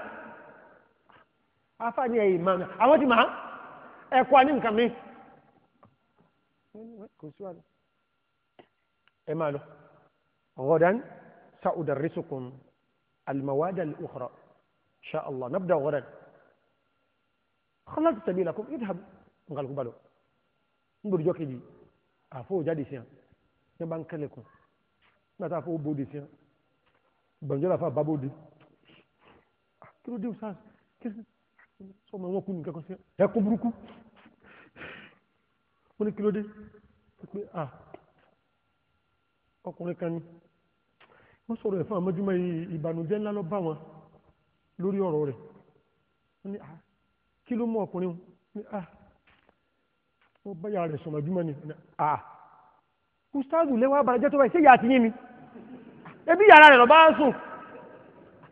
afáàní ẹ̀yìn máa àwọn ti mà á ẹ̀kọ́ ní nǹkan mi ẹ máa lọ ọ̀gọ́dán sa'udà rìsùkùn المواد الأخرى إن شاء الله نبدأ غدا خلصت سبيلكم اذهبوا قال قبلوا نبرجوك يجي أفو جادي سيان ní bá ń kẹlẹ̀kùn nígbà tá a fọwọ́ bóde sí wọn gbàǹjọ́ làfà bá bóde ah, kí ló dé sáà kí sọmọ wọn kú nìkan kan sí ẹkún burúkú ó ní kí ló dé pé à ah, ọkùnrin kan ni wọ́n sọ̀rọ̀ ẹ̀ fún àmọ́júmọ́ ìbànújẹ́ ńlá lọ bá wọn lórí ọ̀rọ̀ rẹ̀ wọ́n ní à ah, kí ló mú ọkùnrin wọn ní à wọ́n báyà rẹ̀ sọ̀rọ̀ àjúmọ́ ni à ustazu lẹ́wọ́ abalẹ̀jẹ́ tó báyìí ṣé ìyá àti yín mi ebi yàrá rẹ̀ lọ bá ń sùn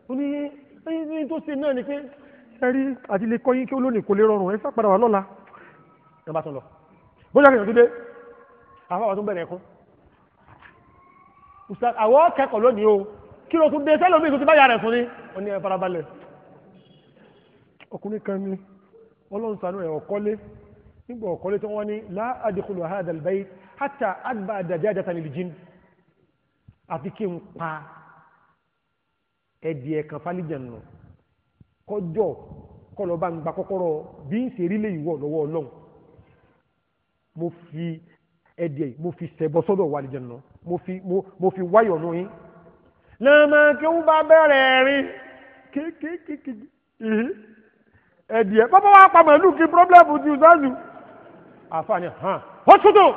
ó ní ẹni tó ṣe náà ni pé ẹrí àti lè kọ́yìn kí ó lónìí kò lè rọrùn ẹ sápadà wà lọ́la ẹ bá tún lọ bóyá kìnìún tó dé àwọn àwọn tó bẹ̀rẹ̀ ẹ̀kún ustaz àwọn kẹ́kọ̀ọ́ lónìí o kí ló tún dé sẹ́lómi tó ti bá yàrá rẹ̀ sùn ni ó ní ẹ farabalẹ̀ ọkùnrin kan ni ọlọ́run ṣàánú ẹ̀ ọ̀kọ́lé nígbà ọ̀kọ́lé tí wọ́n ní láàdìkúlù àhàdàlbáyé hata adba dajajata ni lijin àti kí n pa ẹdì ẹ̀kan fálíjànù kọjọ kọlọ bá ń gba kọ́kọ́rọ́ bí ń ṣe rí lè ìwọ lọ́wọ́ Ọlọ́run mo fi ẹdì ẹ mo fi ṣẹbọ sọ́dọ̀ wà lìjànù mo fi mo mo fi wáyọ nù yín lọ́mọ kí wọ́n bá bẹ̀rẹ̀ rí kéékèèké ẹdì ẹ bàbá wa pa màálù kí pírọ́blẹ́mù ti ṣáájú àfààní hàn hospital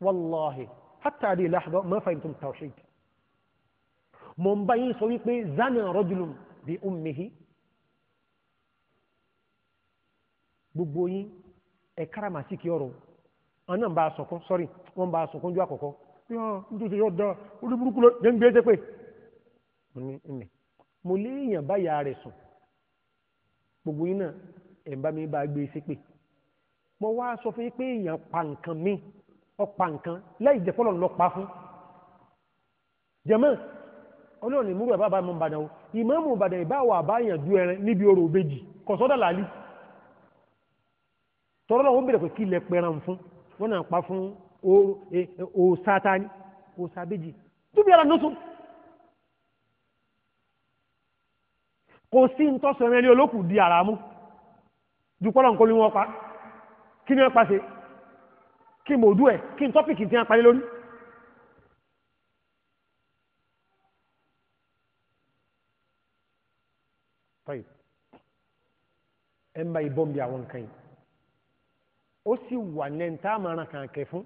wallahi hatta hadi lahza ma fahimtum tawhid mo ń bá yín sọ wípé zana rajulun bi ummihi gbogbo yín ẹ karamasi kí ọ̀rọ̀ wọn náà ń bá a sọkún sọrí wọn ń bá a sọkún ju àkọ́kọ́ yọ nítorí yọ da orí burúkú lọ jẹ́ ń gbé ẹ́ pé mo lé èèyàn báyà rẹ̀ sùn gbogbo yín náà ẹ̀ ń bá mi bá a gbé e sí pé mo wá sọ fún yín pé èèyàn pa nǹkan míì ọ̀pá nǹkan lẹ́yìn jẹ́ fọ́lọ́ lọ pa fún jẹ́mọ́ ọlọ́run ní múrù ẹ̀ bàbá mọ́ ìbàdàn o ìmáàmù ìbàdàn ìbáwọ̀ àbáyàn ju ẹran níbi orò òbejì kọ̀sọ́dà làálì tọ́rọ́ lọ́wọ́ bẹ̀rẹ̀ pé kí ilẹ̀ pẹran fún wọ́n náà pa fún e, e, òòsà tani òòsà bejì túbí ara lóṣù kò sí ń tọ́sọ̀ ẹ̀rẹ́ olókùn di àràmú ju pọ́lọ̀ nǹkan ni wọ́n pa kí ni wọ́n pa ṣe kí n mòdú ẹ̀ kí n tọ́pìkì tí a parí lórí ẹ̀ ń bá ìbọn bí àwọn nǹkan yìí ó sì wà lẹ́ntà mara kan kẹ fún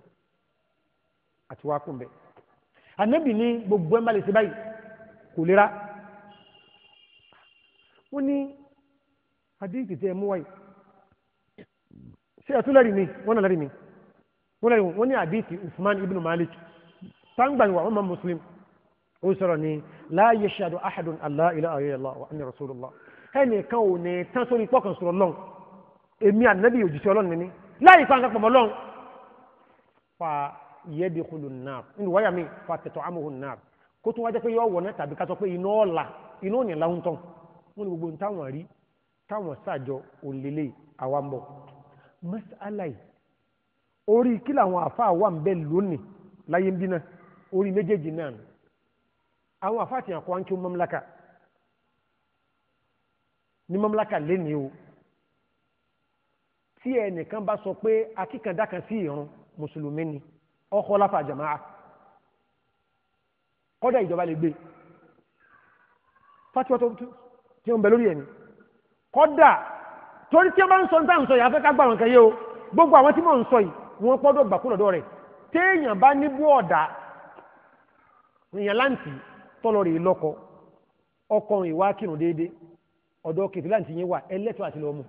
àti wá kún bẹ́ anábì ní gbogbo ẹmbà lè ṣe báyìí kò lera wọ́n ní adé ìtìtẹ́ mú wáyìí ṣé ẹ̀tún lẹ́rìí mi wọ́n náà lẹ́rìí mi wọ́n ní àdìsí Usman ibn Malik tangba ni wà ọmọ Muslim ó sọ̀rọ̀ ni la yashhadu ahadun allah ilaha illallah wa anna rasulullah ẹnì kan ò ní tán sórí pọ́kàn sọ̀rọ̀ lọ́n èmi ànábì òjìṣẹ́ ọlọ́run nínú láyé pa nǹkan pọ̀ mọ́ lọ́n fa yadkhulu an-nar nínú wáyà mi fa tat'amuhu an-nar kó tó wájá pé yọ wọ̀ náà tàbí ká sọ pé iná ọ̀la iná òní láwùn tán wọn ni gbogbo táwọn rí táwọn sàjọ òlélẹ̀ àwa bọ̀ mas'ala orí kí làwọn àfáà wà ń bẹ lónìí láyé ń bínà orí méjèèjì náà nù àwọn àfáà ti hàn kó ànkí mamlaka ní mamlaka lénìí o tí ẹnìkan bá sọ pé akíkandá kan sí ìrun mùsùlùmí ni ọkọ láfa jàmáà kọ́dà ìjọba lè gbé fatiwa tó tí ó ń bẹ lórí ẹni kọ́dà torí tí a bá ń sọ ní ń sọ yìí afẹ́ ká gbà wọn kẹyẹ o gbogbo àwọn tí mò ń sọ yìí wọ́n pọ́dọ̀ gbàkúrọ̀dọ̀ rẹ̀ téèyàn bá níbú ọ̀dà èèyàn láǹtì tọ́lọ̀ rè lọ́kọ ọkọ ìwà kírun déédéé ọ̀dọ̀ kìtì láǹtì yẹn wà ẹlẹ́tọ̀ àti lọ́mù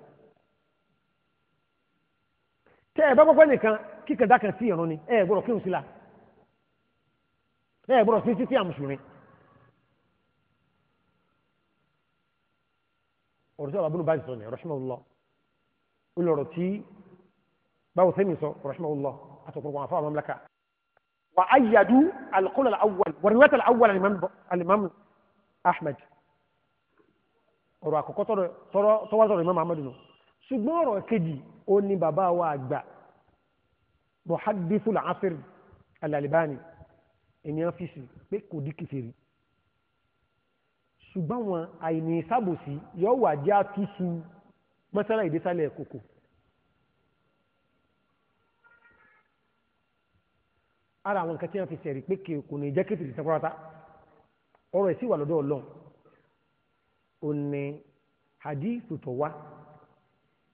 tẹ́ ẹ bá pọ́pẹ́ nìkan kíkàdá kan sí ìrún ni ẹ gbọ́dọ̀ kírun síla ẹ gbọ́dọ̀ sí títí àmùsùnrin ọ̀rọ̀ tí ọ̀rọ̀ abúlé bá ti sọ ní ọ̀rọ̀ sí báwo sẹ́mi sọ rahimahullah àtọ̀kùnrin àwọn afáwọn mamlaka wà á yàdú alqawl al-awwal wàrúwẹ́t al-awwal alimami ahmed ọ̀rọ̀ àkọ́kọ́ tọ́wọ́ sọ̀rọ̀ imam ahmed nù ṣùgbọ́n ọ̀rọ̀ kejì ó ní bàbá wa àgbà muhaddithul asir al-albani wọn àìní sábòsí yóò jẹ́ àtúnṣu mọ́sálà ìdésálẹ̀ kòkò ara àwọn nǹkan tí wọ́n fi sẹ̀rí pé kò ní jẹ́ kékeré sẹ́kọ́rọ́ta ọ̀rọ̀ ẹ̀ sì wà lọ́dọ̀ ọlọ́run ò ní hadithu tó wá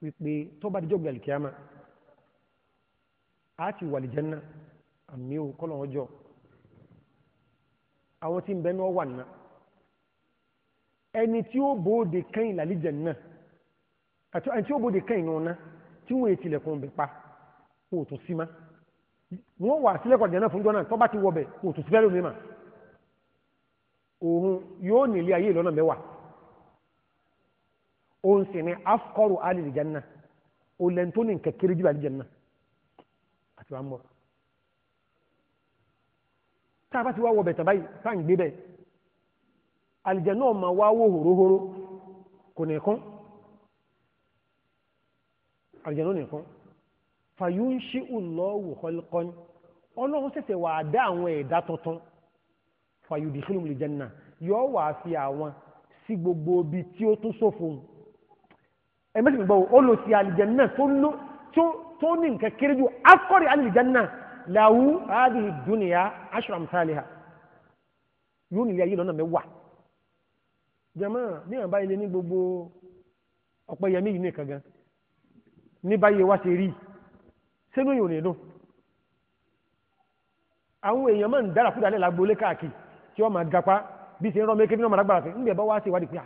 wípé tó bá dijọ́ gbẹ̀lì kíámà á ti wà lìjẹ́nà àmì ò kọ́ lọ́wọ́ jọ àwọn tí ń bẹ́ẹ̀ náà wà nà ẹni tí ó bóde kẹ́yìn làlìjẹ́nà àti ẹni tí ó bóde kẹ́yìn náà ná tí wọ́n ètìlẹ̀kùn bẹ̀ pa kó o tún sí máa wọ́n wà sílẹ̀ kọ̀dẹ̀ náà fún jọ́nà tó bá ti wọ̀bẹ̀ kò tó sí fẹ́rẹ̀ òmìnira òun yóò ní ilé ayé ìlọ́nà mẹ́wàá òun sì ní afkọ́rù alìlìjánná olè tó ní nǹkan kéré jù alìjánná àti wàá mọ̀ tá a bá ti wá wọ̀bẹ̀ tàbá yìí tá à ń gbé bẹ́ẹ̀ alìjánná ọ̀ma wá wó hòróhóró kò ní kún alìjánná ò ní kún fàyúnṣí ùlọ́wù kọ́líkọ́n ọlọ́run ṣẹ̀ṣẹ̀ wà á dá àwọn ẹ̀dá tuntun fàyúdìkìlùmù lè jẹ́nà yóò wà á fi àwọn sí gbogbo ibi tí ó tún sófo ẹ̀mẹ́sìn gbọ́ ó lò sí àlìjẹ́nà tó ní nǹkan kéré ju akọ́rì àlìjẹ́nà làwù àdìhì dúnìyà aṣọ́ramṣálìhà yóò nílé ayé lọ́nà mẹ́wàá jẹ́mọ́ bí àwọn báyìí ní gbogbo ọ̀pẹ̀yẹmí yìí nìkan gan ní báyìí wá ṣe rí i sínú yìí ò ní dùn àwọn èèyàn máa ń dára fúdà lẹ́la gbolé káàkiri tí wọ́n máa gapá bí ṣe ń rán mékè bí wọ́n máa lágbára sí níbi ẹ̀bá wá sí ìwádìí pé à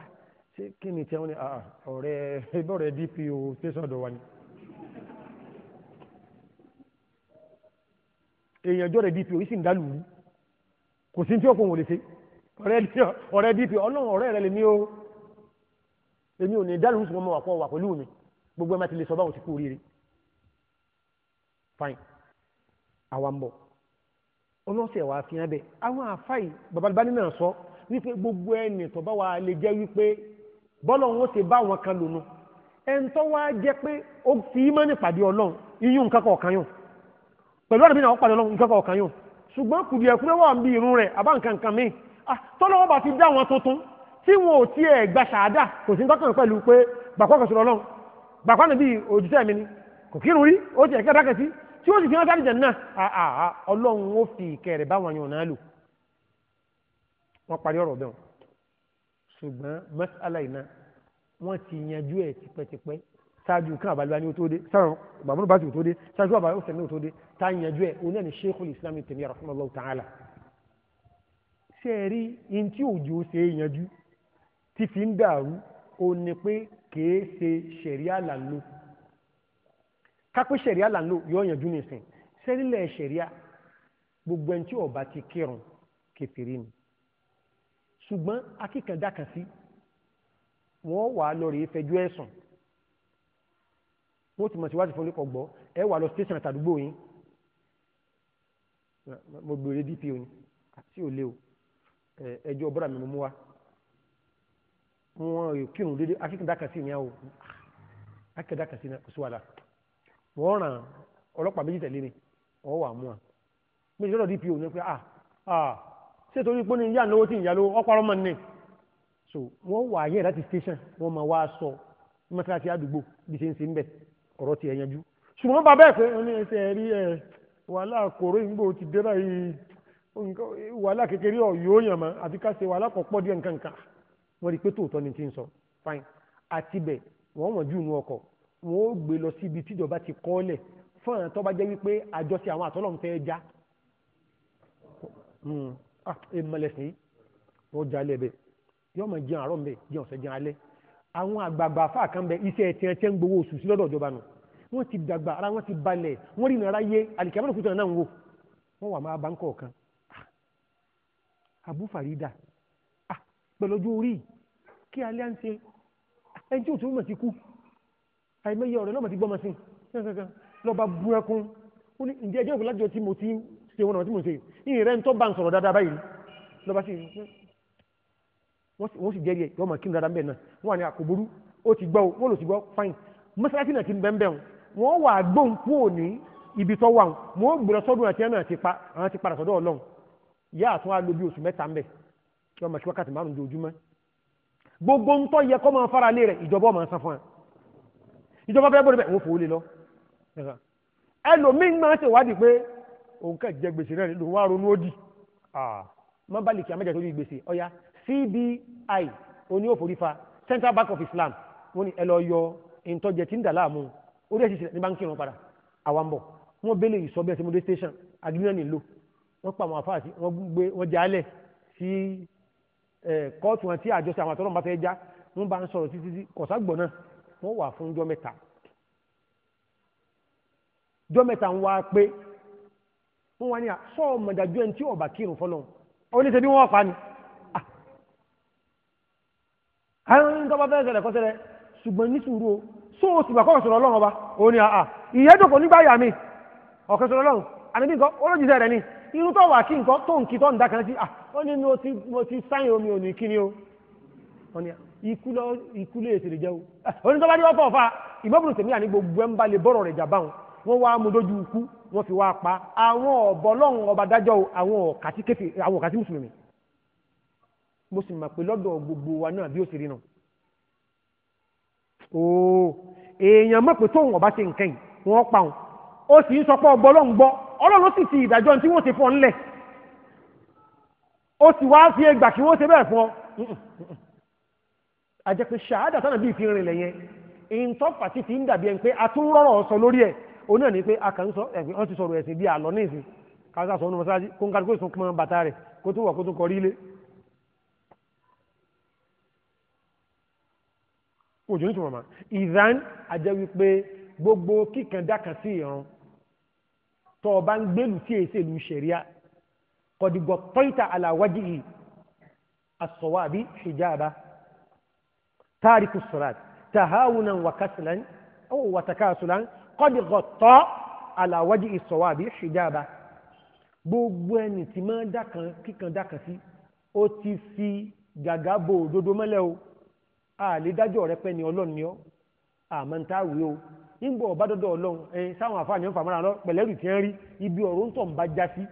ṣé kí ni tiẹ̀ wọ́n ní ọ̀rẹ́ ẹgbẹ́ DPO tẹ̀sán ọ̀dọ̀ wa ni. èèyàn jọ́ rẹ̀ DPO yìí sì ń dá lùú kò sí tí òkun ò lè ṣe ọ̀rẹ́ DPO ọlọ́run ọ̀rẹ́ rẹ̀ lèmi o èmi ò ní dá lùú sùn mọ́ wà pọ̀ wà pẹ̀lú mi gbogbo ẹ̀ fine àwa ń bọ̀ ọlọ́sẹ̀ wa fi hàn bẹ́ẹ̀ àwọn àfáì babalibani náà sọ wípé gbogbo ẹni tó bá wa lè jẹ́ wípé bọ́lọ̀ wọn ṣe bá wọn kan lónú ẹni tó wá jẹ́ pé ó fi ímọ̀ nípàdé ọlọ́run iyún nǹkan kọ̀ọ̀kan yàn pẹ̀lú ọ̀dọ̀ mi náà wọ́n pàdé ọlọ́run nǹkan kọ̀ọ̀kan yàn ṣùgbọ́n kùdìẹ̀kùn wà ń bi irun rẹ̀ àbá nǹkan nǹkan míì ah, tọ́lọ́wọ́ bá ti dá wọn tuntun tí wọn ò tiẹ̀ gba ṣàádà kò sí nǹkan kan pẹ̀lú pé bàkọ́ kẹsùn ọlọ́run bàkọ́ níbi òjútẹ́ mi ni kò kírun rí ó ti ẹ̀kẹ́ dákẹ́ sí tí ó sì fi wọn sáré jẹ̀nà àà ọlọ́run ó fi ìkẹrẹ̀ báwọn yàn náà lò wọ́n parí ọ̀rọ̀ bẹ́ẹ̀ ṣùgbọ́n mẹ́sàlá iná wọ́n ti yanjú ẹ̀ tipẹ́tipẹ́ ṣáájú kan àbálùbá ní ó tó dé sáwọn bàbá bá ti tó dé ṣáájú àbálùbá ọ̀sẹ̀ ó tó dé tá yanjú ẹ̀ òun náà ni Sheikhul Islam tèmi rahimahullahu ta'ala ṣe é rí in tí òjò ṣe é yanjú ti fi ń dàrú òun ni pé kèé ṣe ṣẹ̀ríà là kápẹ́ sẹ̀ríà là ń lò yọ ọ̀yànjú nìsín sẹ́rílẹ̀ sẹ̀ríà gbogbo ẹni tí ọba ti kírun kẹfìrí ni ṣùgbọ́n akíkanda kan sí wọ́n wà á lọ rèé fẹjọ́ ẹ̀sùn wọ́n ti mọ̀ sí wájú fún oníkọ̀ gbọ́ ẹ wà lọ tẹ̀sán àtàdúgbò yín mo gbèrè dpo ni àti òlé o ẹjọ́ bọ́dà mi mú wa wọn kírun déédéé akíkanda kan sí ni a o akíkanda kan sí ni kò sí wàhálà. wọ́n ràn ọlọ́pàá méjì tẹ̀lé ni ọwọ́ wà mú wa méjì lọ́dọ̀ dpo ní pé a, a ṣé torí pé ní ìyá lówó tí ìyá lówó ọ̀pọ̀ ọmọ so wọ́n wà ayé láti station wọ́n máa wá sọ mọ́tíláṣí àdúgbò bí ṣe ń ṣe ń bẹ̀ ọ̀rọ̀ ṣùgbọ́n pé ẹsẹ̀ rí ẹ wàhálà kòró ìgbò ti dé báyìí wàhálà kékeré ọ̀yọ́ yàn mọ́ àfi wàhálà díẹ̀ nǹkan wọ́n ti ń wọn ó gbé lọ síbi tíjọba ti kọ́lẹ̀ fún àwọn tó bá jẹ́ wípé àjọṣe àwọn àtọ́lọ́run fẹ́ já hmm. ah, ìmọ̀lẹ́sìn wọ́n já lẹ́bẹ̀ yóò máa jẹun àárọ̀ mbẹ́ jẹun ọ̀sẹ̀ jẹun alẹ́ àwọn àgbààgbà afá kan bẹ iṣẹ́ tiẹ̀ tiẹ̀ ń gbowó oṣù sí lọ́dọ̀ ìjọba nù wọ́n ti dàgbà ara wọn ti balẹ̀ wọ́n rí nara yé àlìkàmọ́ òkúta náà ń wò wọ́n wà máa bá ń kọ̀ọ̀kan ah. Abu Farida ah, pẹ̀lú ojú orí kí alẹ́ à ń ṣe ẹni tí òtún mọ̀ ti àìmọye ọ̀rẹ́ lọ́mọ ti gbọ́mọ sí kankan lọ́ba bu ẹkún ó ní ǹjẹ́ ẹjọ́ ìpínlẹ̀ àjọ tí mo ti ṣe wọn náà tí mo ṣe yìí rẹ̀ ń tọ́ bá ń sọ̀rọ̀ dáadáa báyìí lọ́ba sì wọ́n sì jẹ́rìí ẹ̀ yọ́mọ kí n dáadáa bẹ́ẹ̀ náà wọ́n wà ní àkóbórú ó ti gbọ́ wọ́n lò sí gbọ́ fáìn mọ́sálásí náà ti ń bẹ́ẹ̀ bẹ́ẹ̀ wọ́n wà gbóhùn kúrò ní ibi tó wà wọ́n gbèrò sọ́dún àti ẹ̀nà àwọn ti padà sọ́dọ̀ ọlọ́run yá àtún á lo bí oṣù mẹ́ta ń bẹ̀ yọ́mọ kí wákàtí márùn-ún ojoojúmọ́ gbogbo ń tọ́ yẹ kọ́ máa fara lé rẹ̀ ìjọba ọ̀ máa san fún wa ìjọba fẹ́ gbọ́dọ̀ bẹ́ẹ̀ wọ́n fòó lé lọ. ẹlòmíín máa ń ṣèwádìí pé òun kàn jẹ gbèsè náà lòun wá ronú ó dì má bá lè kí amájà torí gbèsè ọ̀ya CBI oní òforífa Central Bank of Islam wọ́n ní ẹ lọ yọ ìtọ́jẹ tí ń dà láàmú orí ẹ̀sìn sílẹ̀ ní báńkì ìran padà àwa ń bọ̀ wọ́n bẹ́lẹ̀ ìsọ bẹ́ẹ̀ sí mo dé station agilina nílò wọ́n pa àwọn afáàsì wọ́n gbé wọ́n já lẹ̀ sí kóòtù wọn tí àjọṣe àwọn àtọ́nà bá fẹ́ já wọ́n bá ń sọ̀rọ̀ títí kọ̀ságbọ̀n náà wọ́n wà fún jọ́ mẹ́ta jọ́ mẹ́ta ń wá pé wọ́n wá ní à sọ ẹni tí ọba kírun fọlọ́ ọ ní sẹ́bí wọ́n pa ni àwọn ohun tó bá fẹ́ ṣùgbọ́n ní sùúrù o sọ o sì sọ̀rọ̀ ọba nígbà yà mí ọ̀kẹ́ sọ̀rọ̀ ọlọ́run nǹkan ni irú tó wà kí nǹkan tó ń kí tó ń sí à ó ní ti sáyìn omi ò ní kí o wọ́n ní ikú lè tèrè jẹ́ o oní tó bá ní wọ́n fọ́ọ̀fà ìmọ̀bùrù tèmi àní gbogbo ẹ̀ ń balẹ̀ bọ́rọ̀ rẹ̀ jà báwọn wọ́n wá mú dójú ikú wọ́n fi wá pa àwọn ọ̀bọ lọ́hùn ọba dájọ́ àwọn ọ̀kàtí kẹfì àwọn ọ̀kàtí mùsùlùmí mo sì mà pé lọ́dọ̀ gbogbo wa náà bí ó sì rí náà ooo èèyàn mọ̀ pé tóun ọba ṣe nǹkan yìí wọ́n pa òun ó sì ń sọ pé ọgbọ́ lọ́hùn gbọ́ ọlọ́run sì ti ìdájọ́ tí wọ́n ti fọ́ ńlẹ̀ ó sì wá sí ẹgbà kí wọ́n ṣe bẹ́ẹ̀ fún ọ àjẹpẹ́ ṣàádà tánà bí ìfihàn rìnlẹ̀ yẹn ìntọ́fà ti fi ń dàbí ẹni pé a tún rọ̀rọ̀ sọ lórí ẹ̀ òun náà ni pé a kàn ń sọ ẹ̀gbẹ́ wọ́n ti sọ̀rọ̀ ẹ̀sìn bí àlọ́ níìsín káàkiri sọ̀rọ̀ mọ́sáájú kó ń kárí kó ìsún kí wọ́n bàtà rẹ̀ kó tún wọ̀ kó tún kọrí ilé. òjò nítorí màmá ìdán àjẹ́ wípé gbogbo kíkan dákan sí ìran tó o bá ń gbèlú tí èsè تارك الصلاة تهاونا وكسلا أو وتكاسلا قد غطى على وجه الصواب حجابا gbogbo ẹni tí máa ń dákan kíkan dákan sí ó ti fi gàgà bo òdodo mọ́lẹ̀ o àlédájọ́ rẹ pẹ́ ni ọlọ́run ni ọ́ àmọ́ ń tá wí o nígbà ọba dọ́dọ̀ ọlọ́run ẹ sáwọn àfààní ọ̀fà mọ́ra lọ pẹ̀lẹ́rù tí ń rí ibi ọ̀rọ̀ ń tọ̀ bá já sí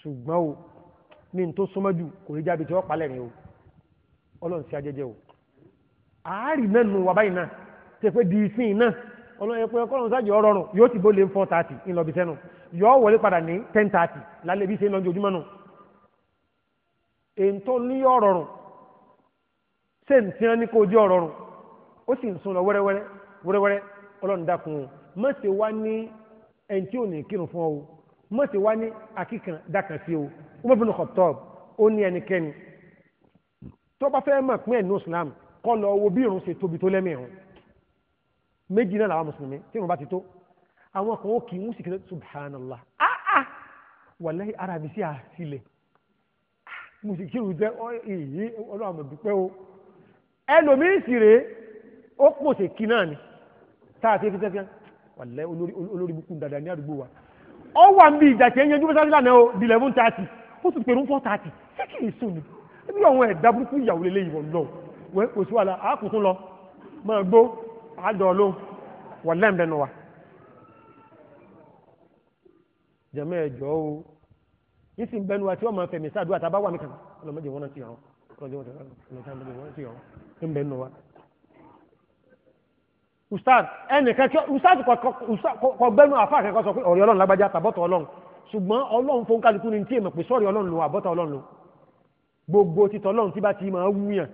ṣùgbọ́n o ní n tó súnmọ́ jù kò rí jáde tí wọ́n palẹ̀ rìn o ọlọ́run sí ajẹ́jẹ́ o àárì náà nù wà báyìí náà tẹ̀pẹ́ di ìsìn náà ọlọ́run ẹ̀pẹ́ ọkọ̀ ọ̀sán yọ ọrọ̀rùn yóò ti bó lé four thirty ńlọbi sẹ́nu yọ wọlé padà ní ten thirty lálẹ́ bí ṣe ń lọ ojoojúmọ́ nù èyí tó ní ọrọ̀rùn ṣé n tiẹ́ ní kó o jẹ́ ọrọ̀rùn ó sì ń sun lọ wẹ́rẹ́wẹ́rẹ́ wẹ́rẹ́wẹ́rẹ́ ọlọ́run dákun o má ṣe wá ní ẹni tí ò ní kírun fún ọ o má ṣe wá ní akíkan dákan sí o ó mọ̀ fún ọkọ̀ ó ní ẹnikẹ́ni tó bá fẹ́ mọ̀ pín ẹ̀nu islam kọ́ lọ wo bí irun ṣe tóbi tó lẹ́mìí irun méjì náà làwọn mùsùlùmí tí irun bá ti tó àwọn kan ó kì í ń sì kí subhanallah ah ah wàlẹ́ ara mi sí àṣìlẹ̀ ah, mo sì kírun jẹ́ èyí ọlọ́run àmọ̀ dúpẹ́ o ẹlòmíín sì rèé ó pòsè kí náà ni tá a ti fi tẹ́fẹ́ wàlẹ́ olórí bukú dada ní àdúgbò wa ọ wà ń bí ìjà tí ẹ yanjú mọ́sálásí lánàá o di eleven thirty ó sì pèrún four thirty ṣé kì í sùn ni nínú àwọn ẹ̀dá burúkú ìyàwó lélẹ́ ìwọ̀n lọ wẹ́ kò sí wàhálà àákùnkùn lọ mọ́ gbó àádọ́ ló wà lẹ́ẹ̀mẹ́nu wa jẹ́mọ́ ẹ̀jọ́ o yìí sì ń bẹnu wa tí wọ́n máa fẹ̀mí sáàdúrà tá a bá wà nìkan ọlọ́mọdé wọn ti hàn ọlọ́mọdé wọn ti hàn ń bẹnu wa. ustaz ẹnìkan kí ustaz kọ gbẹnu àfa akẹ́kọ̀ọ́ sọ pé ọ̀rẹ́ ọlọ́run lágbájá tàbọ́tọ̀ ọlọ́run ṣùgbọ́n ọlọ́run fún kálukú ni tí èèmọ̀ pé sọ́ọ̀rẹ́ ọlọ́run lo àbọ́tọ̀ ọlọ́run lo gbogbo títọ́ lọ́run tí bá ti máa wúyàn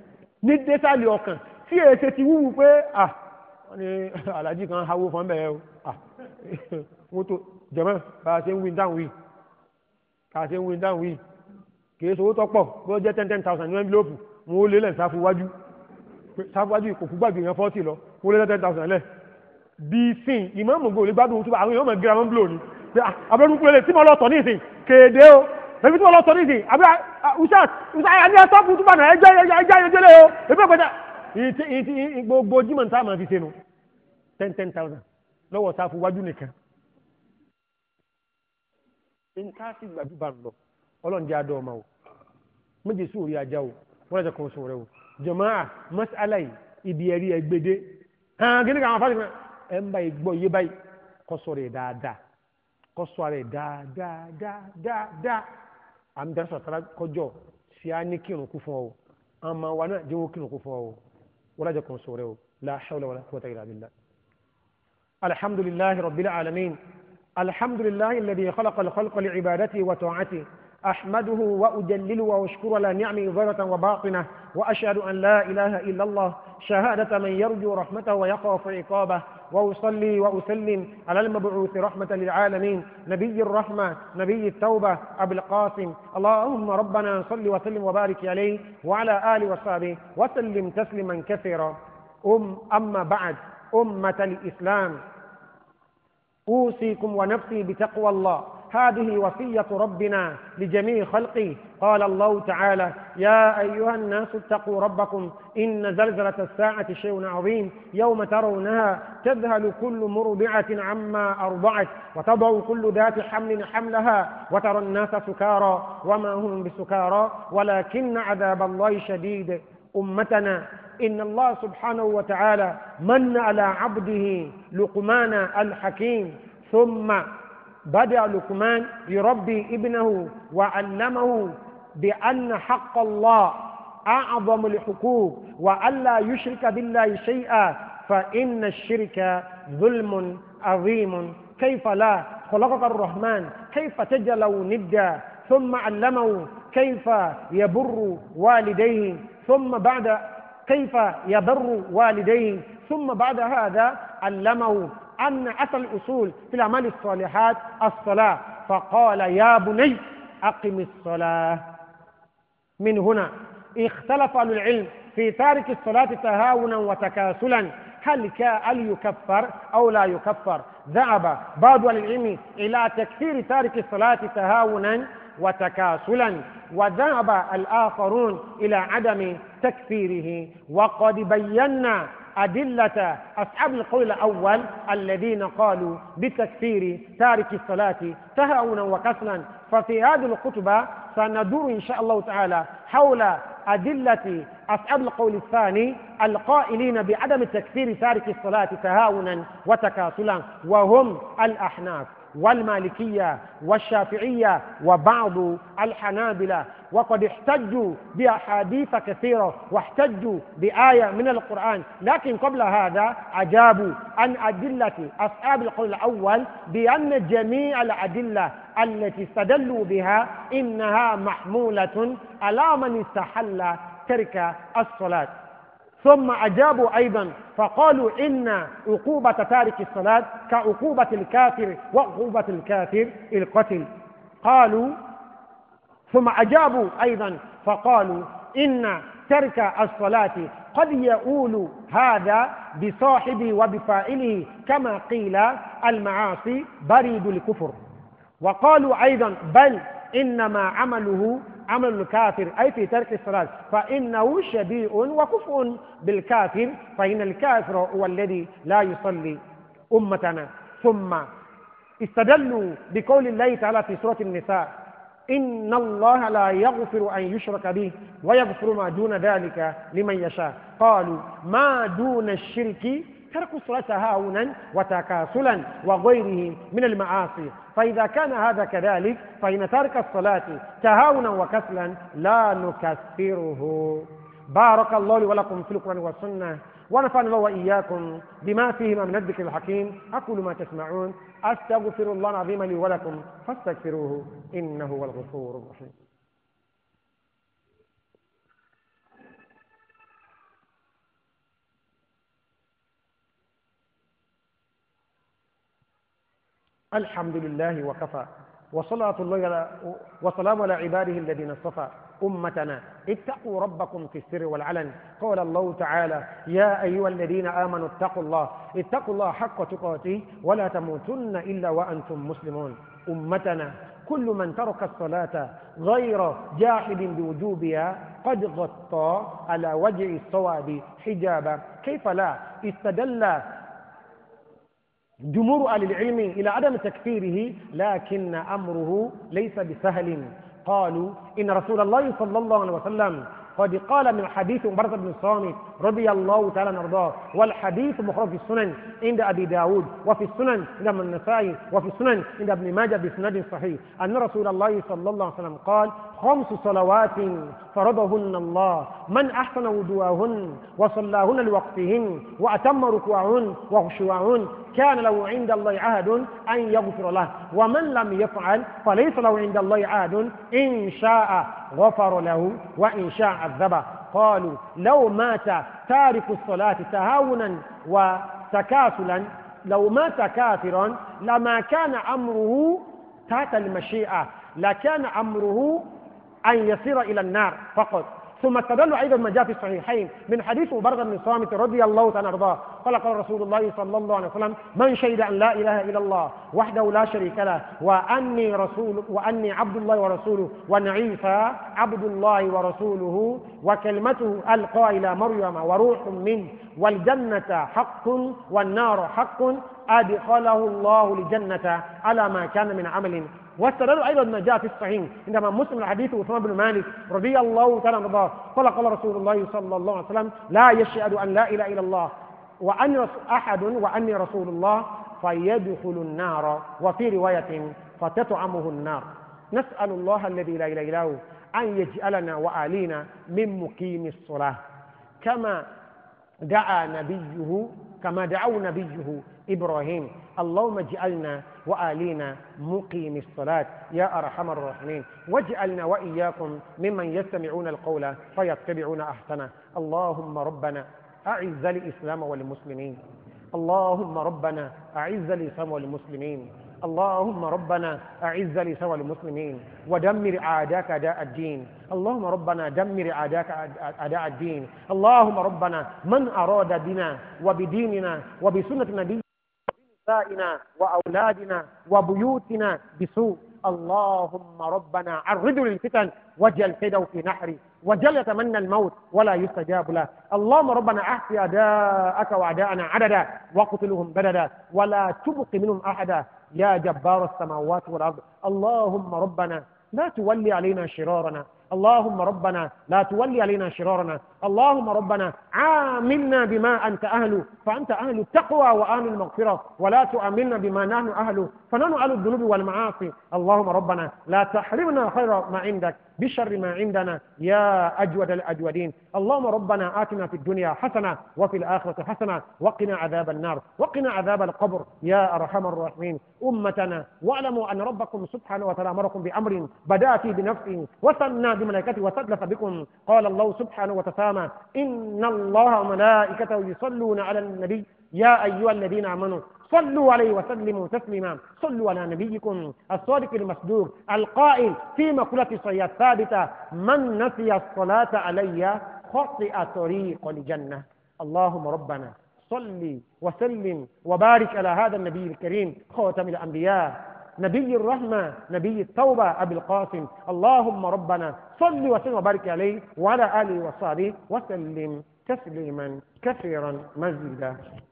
ní désàlẹ̀ ọkàn tí èsè ti wúwú pé à wọ́n ní alájí kan hawó fún bẹ́ẹ̀ o à wọ́n tó jẹ̀mọ́ bá a ṣe ń wí dáhùn wí bá a ṣe ń wí dáhùn wí kìí sọ owó tọ́pọ̀ bí wọ́n jẹ́ ten ten thousand ní envelope wọn ó lé lẹ̀ sáfù wájú sáfù wájú kò fún gbàgbé yẹn fọ́ọ̀tì lọ wọ́n lé ten thousand lẹ̀ bí sin ìmọ̀ọ́mù gbòòlì gbádùn tó bá àwọn èèyàn mọ̀ gíra mọ́ bílò ni abẹ́rú kúlẹ̀ tí mo lọ tọ̀ ní ìsìn kéde o ẹbí tí mo lọ tọ̀ ní ìsìn usat usat àní asọ́pù tó bá nà ẹjọ́ ẹjọ́ ẹjọ́ lé o ebi iti gbogbo jimọ̀ ní táwọn fi se nu ten ten thousand lọ́wọ́ sáfù wájú nìkan nta ti gbàdú bá lọ ọlọ́run jẹ́ adọ́ ma o méjì ajá o wọ́n kan sóòrẹ́ o jọ̀máà mọ́sálàì ibi ẹ̀rí ẹgbẹ́dẹ́ hàn kí ni káwọn fásitì náà ẹ̀ ń bá igbó yé báyìí kọ́ dáadáa kọ́ dáadáa dáadáa àmì dárasà tara kọjọ sí á ní kírun kú fún ọ àmà wa náà jẹ́wọ́ kírun kú fún ọ wọlájọ kan sọ̀rọ̀ ọ la hawla wala quwwata illa billah. alhamdulillahi rabbil alamin alhamdulillahi وأصلي وأسلم على المبعوث رحمة للعالمين نبي الرحمة نبي التوبة أبي القاسم اللهم ربنا صل وسلم وبارك عليه وعلى آله وصحبه وسلم تسليما كثيرا أم أما بعد أمة الإسلام أوصيكم ونفسي بتقوى الله هذه وصية ربنا لجميع خلقه قال الله تعالى يا أيها الناس اتقوا ربكم إن زلزلة الساعة شيء عظيم يوم ترونها تذهل كل مرضعة عما أرضعت وتضع كل ذات حمل حملها وترى الناس سكارى وما هم بسكارى ولكن عذاب الله شديد أمتنا إن الله سبحانه وتعالى من على عبده لقمان الحكيم ثم بدأ لقمان يربي ابنه وعلمه بأن حق الله أعظم الحقوق وألا يشرك بالله شيئا فإن الشرك ظلم عظيم كيف لا خلقك الرحمن كيف تجلو ندا ثم علمه كيف يبر والديه ثم بعد كيف يبر والديه ثم بعد هذا علمه أن أتى الأصول في الأعمال الصالحات الصلاة فقال يا بني أقم الصلاة من هنا اختلف أهل العلم في تارك الصلاة تهاونا وتكاسلا هل هل يكفر أو لا يكفر ذهب بعض أهل العلم إلى تكفير تارك الصلاة تهاونا وتكاسلا وذهب الآخرون إلى عدم تكفيره وقد بينا أدلة أصحاب القول الأول الذين قالوا بتكفير تارك الصلاة تهاونا وكسلا ففي هذه الخطبة سندور إن شاء الله تعالى حول أدلة أصحاب القول الثاني القائلين بعدم تكفير تارك الصلاة تهاونا وتكاسلا وهم الأحناف والمالكية والشافعية وبعض الحنابلة وقد احتجوا بأحاديث كثيرة واحتجوا بآية من القرآن لكن قبل هذا أجابوا عن أدلة أصحاب القول الأول بأن جميع الأدلة التي استدلوا بها إنها محمولة على من استحل ترك الصلاة ثم أجابوا أيضا فقالوا إن عقوبة تارك الصلاة كعقوبة الكافر وعقوبة الكافر القتل قالوا ثم أجابوا أيضا فقالوا إن ترك الصلاة قد يؤول هذا بصاحبه وبفاعله كما قيل المعاصي بريد الكفر وقالوا أيضا بل إنما عمله عمل الكافر أي في ترك الصلاة فإنه شبيء وكفء بالكافر فإن الكافر هو الذي لا يصلي أمتنا ثم استدلوا بقول الله تعالى في سورة النساء إن الله لا يغفر أن يشرك به ويغفر ما دون ذلك لمن يشاء قالوا ما دون الشرك ترك الصلاة تهاونا وتكاسلا وغيره من المعاصي فإذا كان هذا كذلك فإن ترك الصلاة تهاونا وكسلا لا نكفره بارك الله لي ولكم في القرآن والسنة ونفعنا الله وإياكم بما فيهما من الذكر الحكيم أقول ما تسمعون أستغفر الله العظيم لي ولكم فاستغفروه إنه هو الغفور الرحيم الحمد لله وكفى وصلاة الله وسلام على عباده الذين اصطفى أمتنا اتقوا ربكم في السر والعلن قال الله تعالى يا أيها الذين آمنوا اتقوا الله اتقوا الله حق تقاته ولا تموتن إلا وأنتم مسلمون أمتنا كل من ترك الصلاة غير جاحد بوجوبها قد غطى على وجه الصواب حجابا كيف لا استدل جمهور أهل العلم إلى عدم تكفيره لكن أمره ليس بسهل قالوا إن رسول الله صلى الله عليه وسلم قد قال من حديث عمرة بن الصامت رضي الله تعالى نرضاه والحديث مخرج في السنن عند أبي داود وفي السنن عند النسائي وفي السنن عند ابن ماجه بسند صحيح أن رسول الله صلى الله عليه وسلم قال خمس صلوات فرضهن الله من أحسن وضوءهن وصلاهن لوقتهن وأتم ركوعهن وخشوعهن كان له عند الله عهد أن يغفر له ومن لم يفعل فليس له عند الله عهد إن شاء غفر له وإن شاء عذبه قالوا لو مات تارك الصلاة تهاونا وتكاسلا لو مات كافرا لما كان أمره تحت المشيئة لكان أمره أن يصير إلى النار فقط ثم استدلوا أيضا ما جاء في الصحيحين من حديث برغ بن صامت رضي الله تعالى عنه قال قال رسول الله صلى الله عليه وسلم من شهد أن لا إله إلا الله وحده لا شريك له وأني رسول وأني عبد الله ورسوله وأن عيسى عبد الله ورسوله وكلمته ألقى إلى مريم وروح منه والجنة حق والنار حق أدخله الله الجنة على ما كان من عمل واستدلوا أيضا ما جاء في الصحيح عندما مسلم الحديث عثمان بن مالك رضي الله تعالى عنه قال قال رسول الله صلى الله عليه وسلم لا يشهد أن لا إله إلا الله وأن أحد وأني رسول الله فيدخل النار وفي رواية فتطعمه النار نسأل الله الذي لا إله إلا هو أن يجعلنا وآلينا من مقيم الصلاة كما دعا نبيه كما دعوا نبيه إبراهيم اللهم اجعلنا وآلينا مقيم الصلاة يا أرحم الراحمين واجعلنا وإياكم ممن يستمعون القول فيتبعون أحسنه اللهم ربنا أعز الإسلام والمسلمين اللهم ربنا أعز الإسلام والمسلمين اللهم ربنا أعز لسوى المسلمين ودمر أعداءك أعداء الدين اللهم ربنا دمر أعداءك أعداء الدين اللهم ربنا من أراد بنا وبديننا وبسنة نبينا ونسائنا وأولادنا وبيوتنا بسوء اللهم ربنا عرضوا للفتن واجعل كيده في نحري وجل يتمنى الموت ولا يستجاب له اللهم ربنا احصي اعداءك واعداءنا عددا واقتلهم بددا ولا تبق منهم احدا يا جبار السماوات والأرض اللهم ربنا لا تولي علينا شرارنا اللهم ربنا لا تولي علينا شرارنا اللهم ربنا عاملنا بما أنت أهل فأنت أهل التقوى وأهل المغفرة ولا تؤملنا بما نحن أهل فنحن أهل الذنوب والمعاصي اللهم ربنا لا تحرمنا خير ما عندك بشر ما عندنا يا أجود الأجودين اللهم ربنا آتنا في الدنيا حسنة وفي الآخرة حسنة وقنا عذاب النار وقنا عذاب القبر يا أرحم الراحمين أمتنا واعلموا أن ربكم سبحانه وتعالى أمركم بأمر بدأتي بنفسي وسنى بملائكته وثلث بكم قال الله سبحانه وتسامى إن الله وملائكته يصلون على النبي يا أيها الذين آمنوا صلوا عليه وسلموا تسليما صلوا على نبيكم الصادق المصدوق القائل في مقولة صحيحة ثابتة من نسي الصلاة علي خطئ طريق الجنة اللهم ربنا صل وسلم وبارك على هذا النبي الكريم خاتم الأنبياء نبي الرحمة نبي التوبة أبي القاسم اللهم ربنا صل وسلم وبارك عليه وعلى آله وصحبه وسلم تسليما كثيرا مزيدا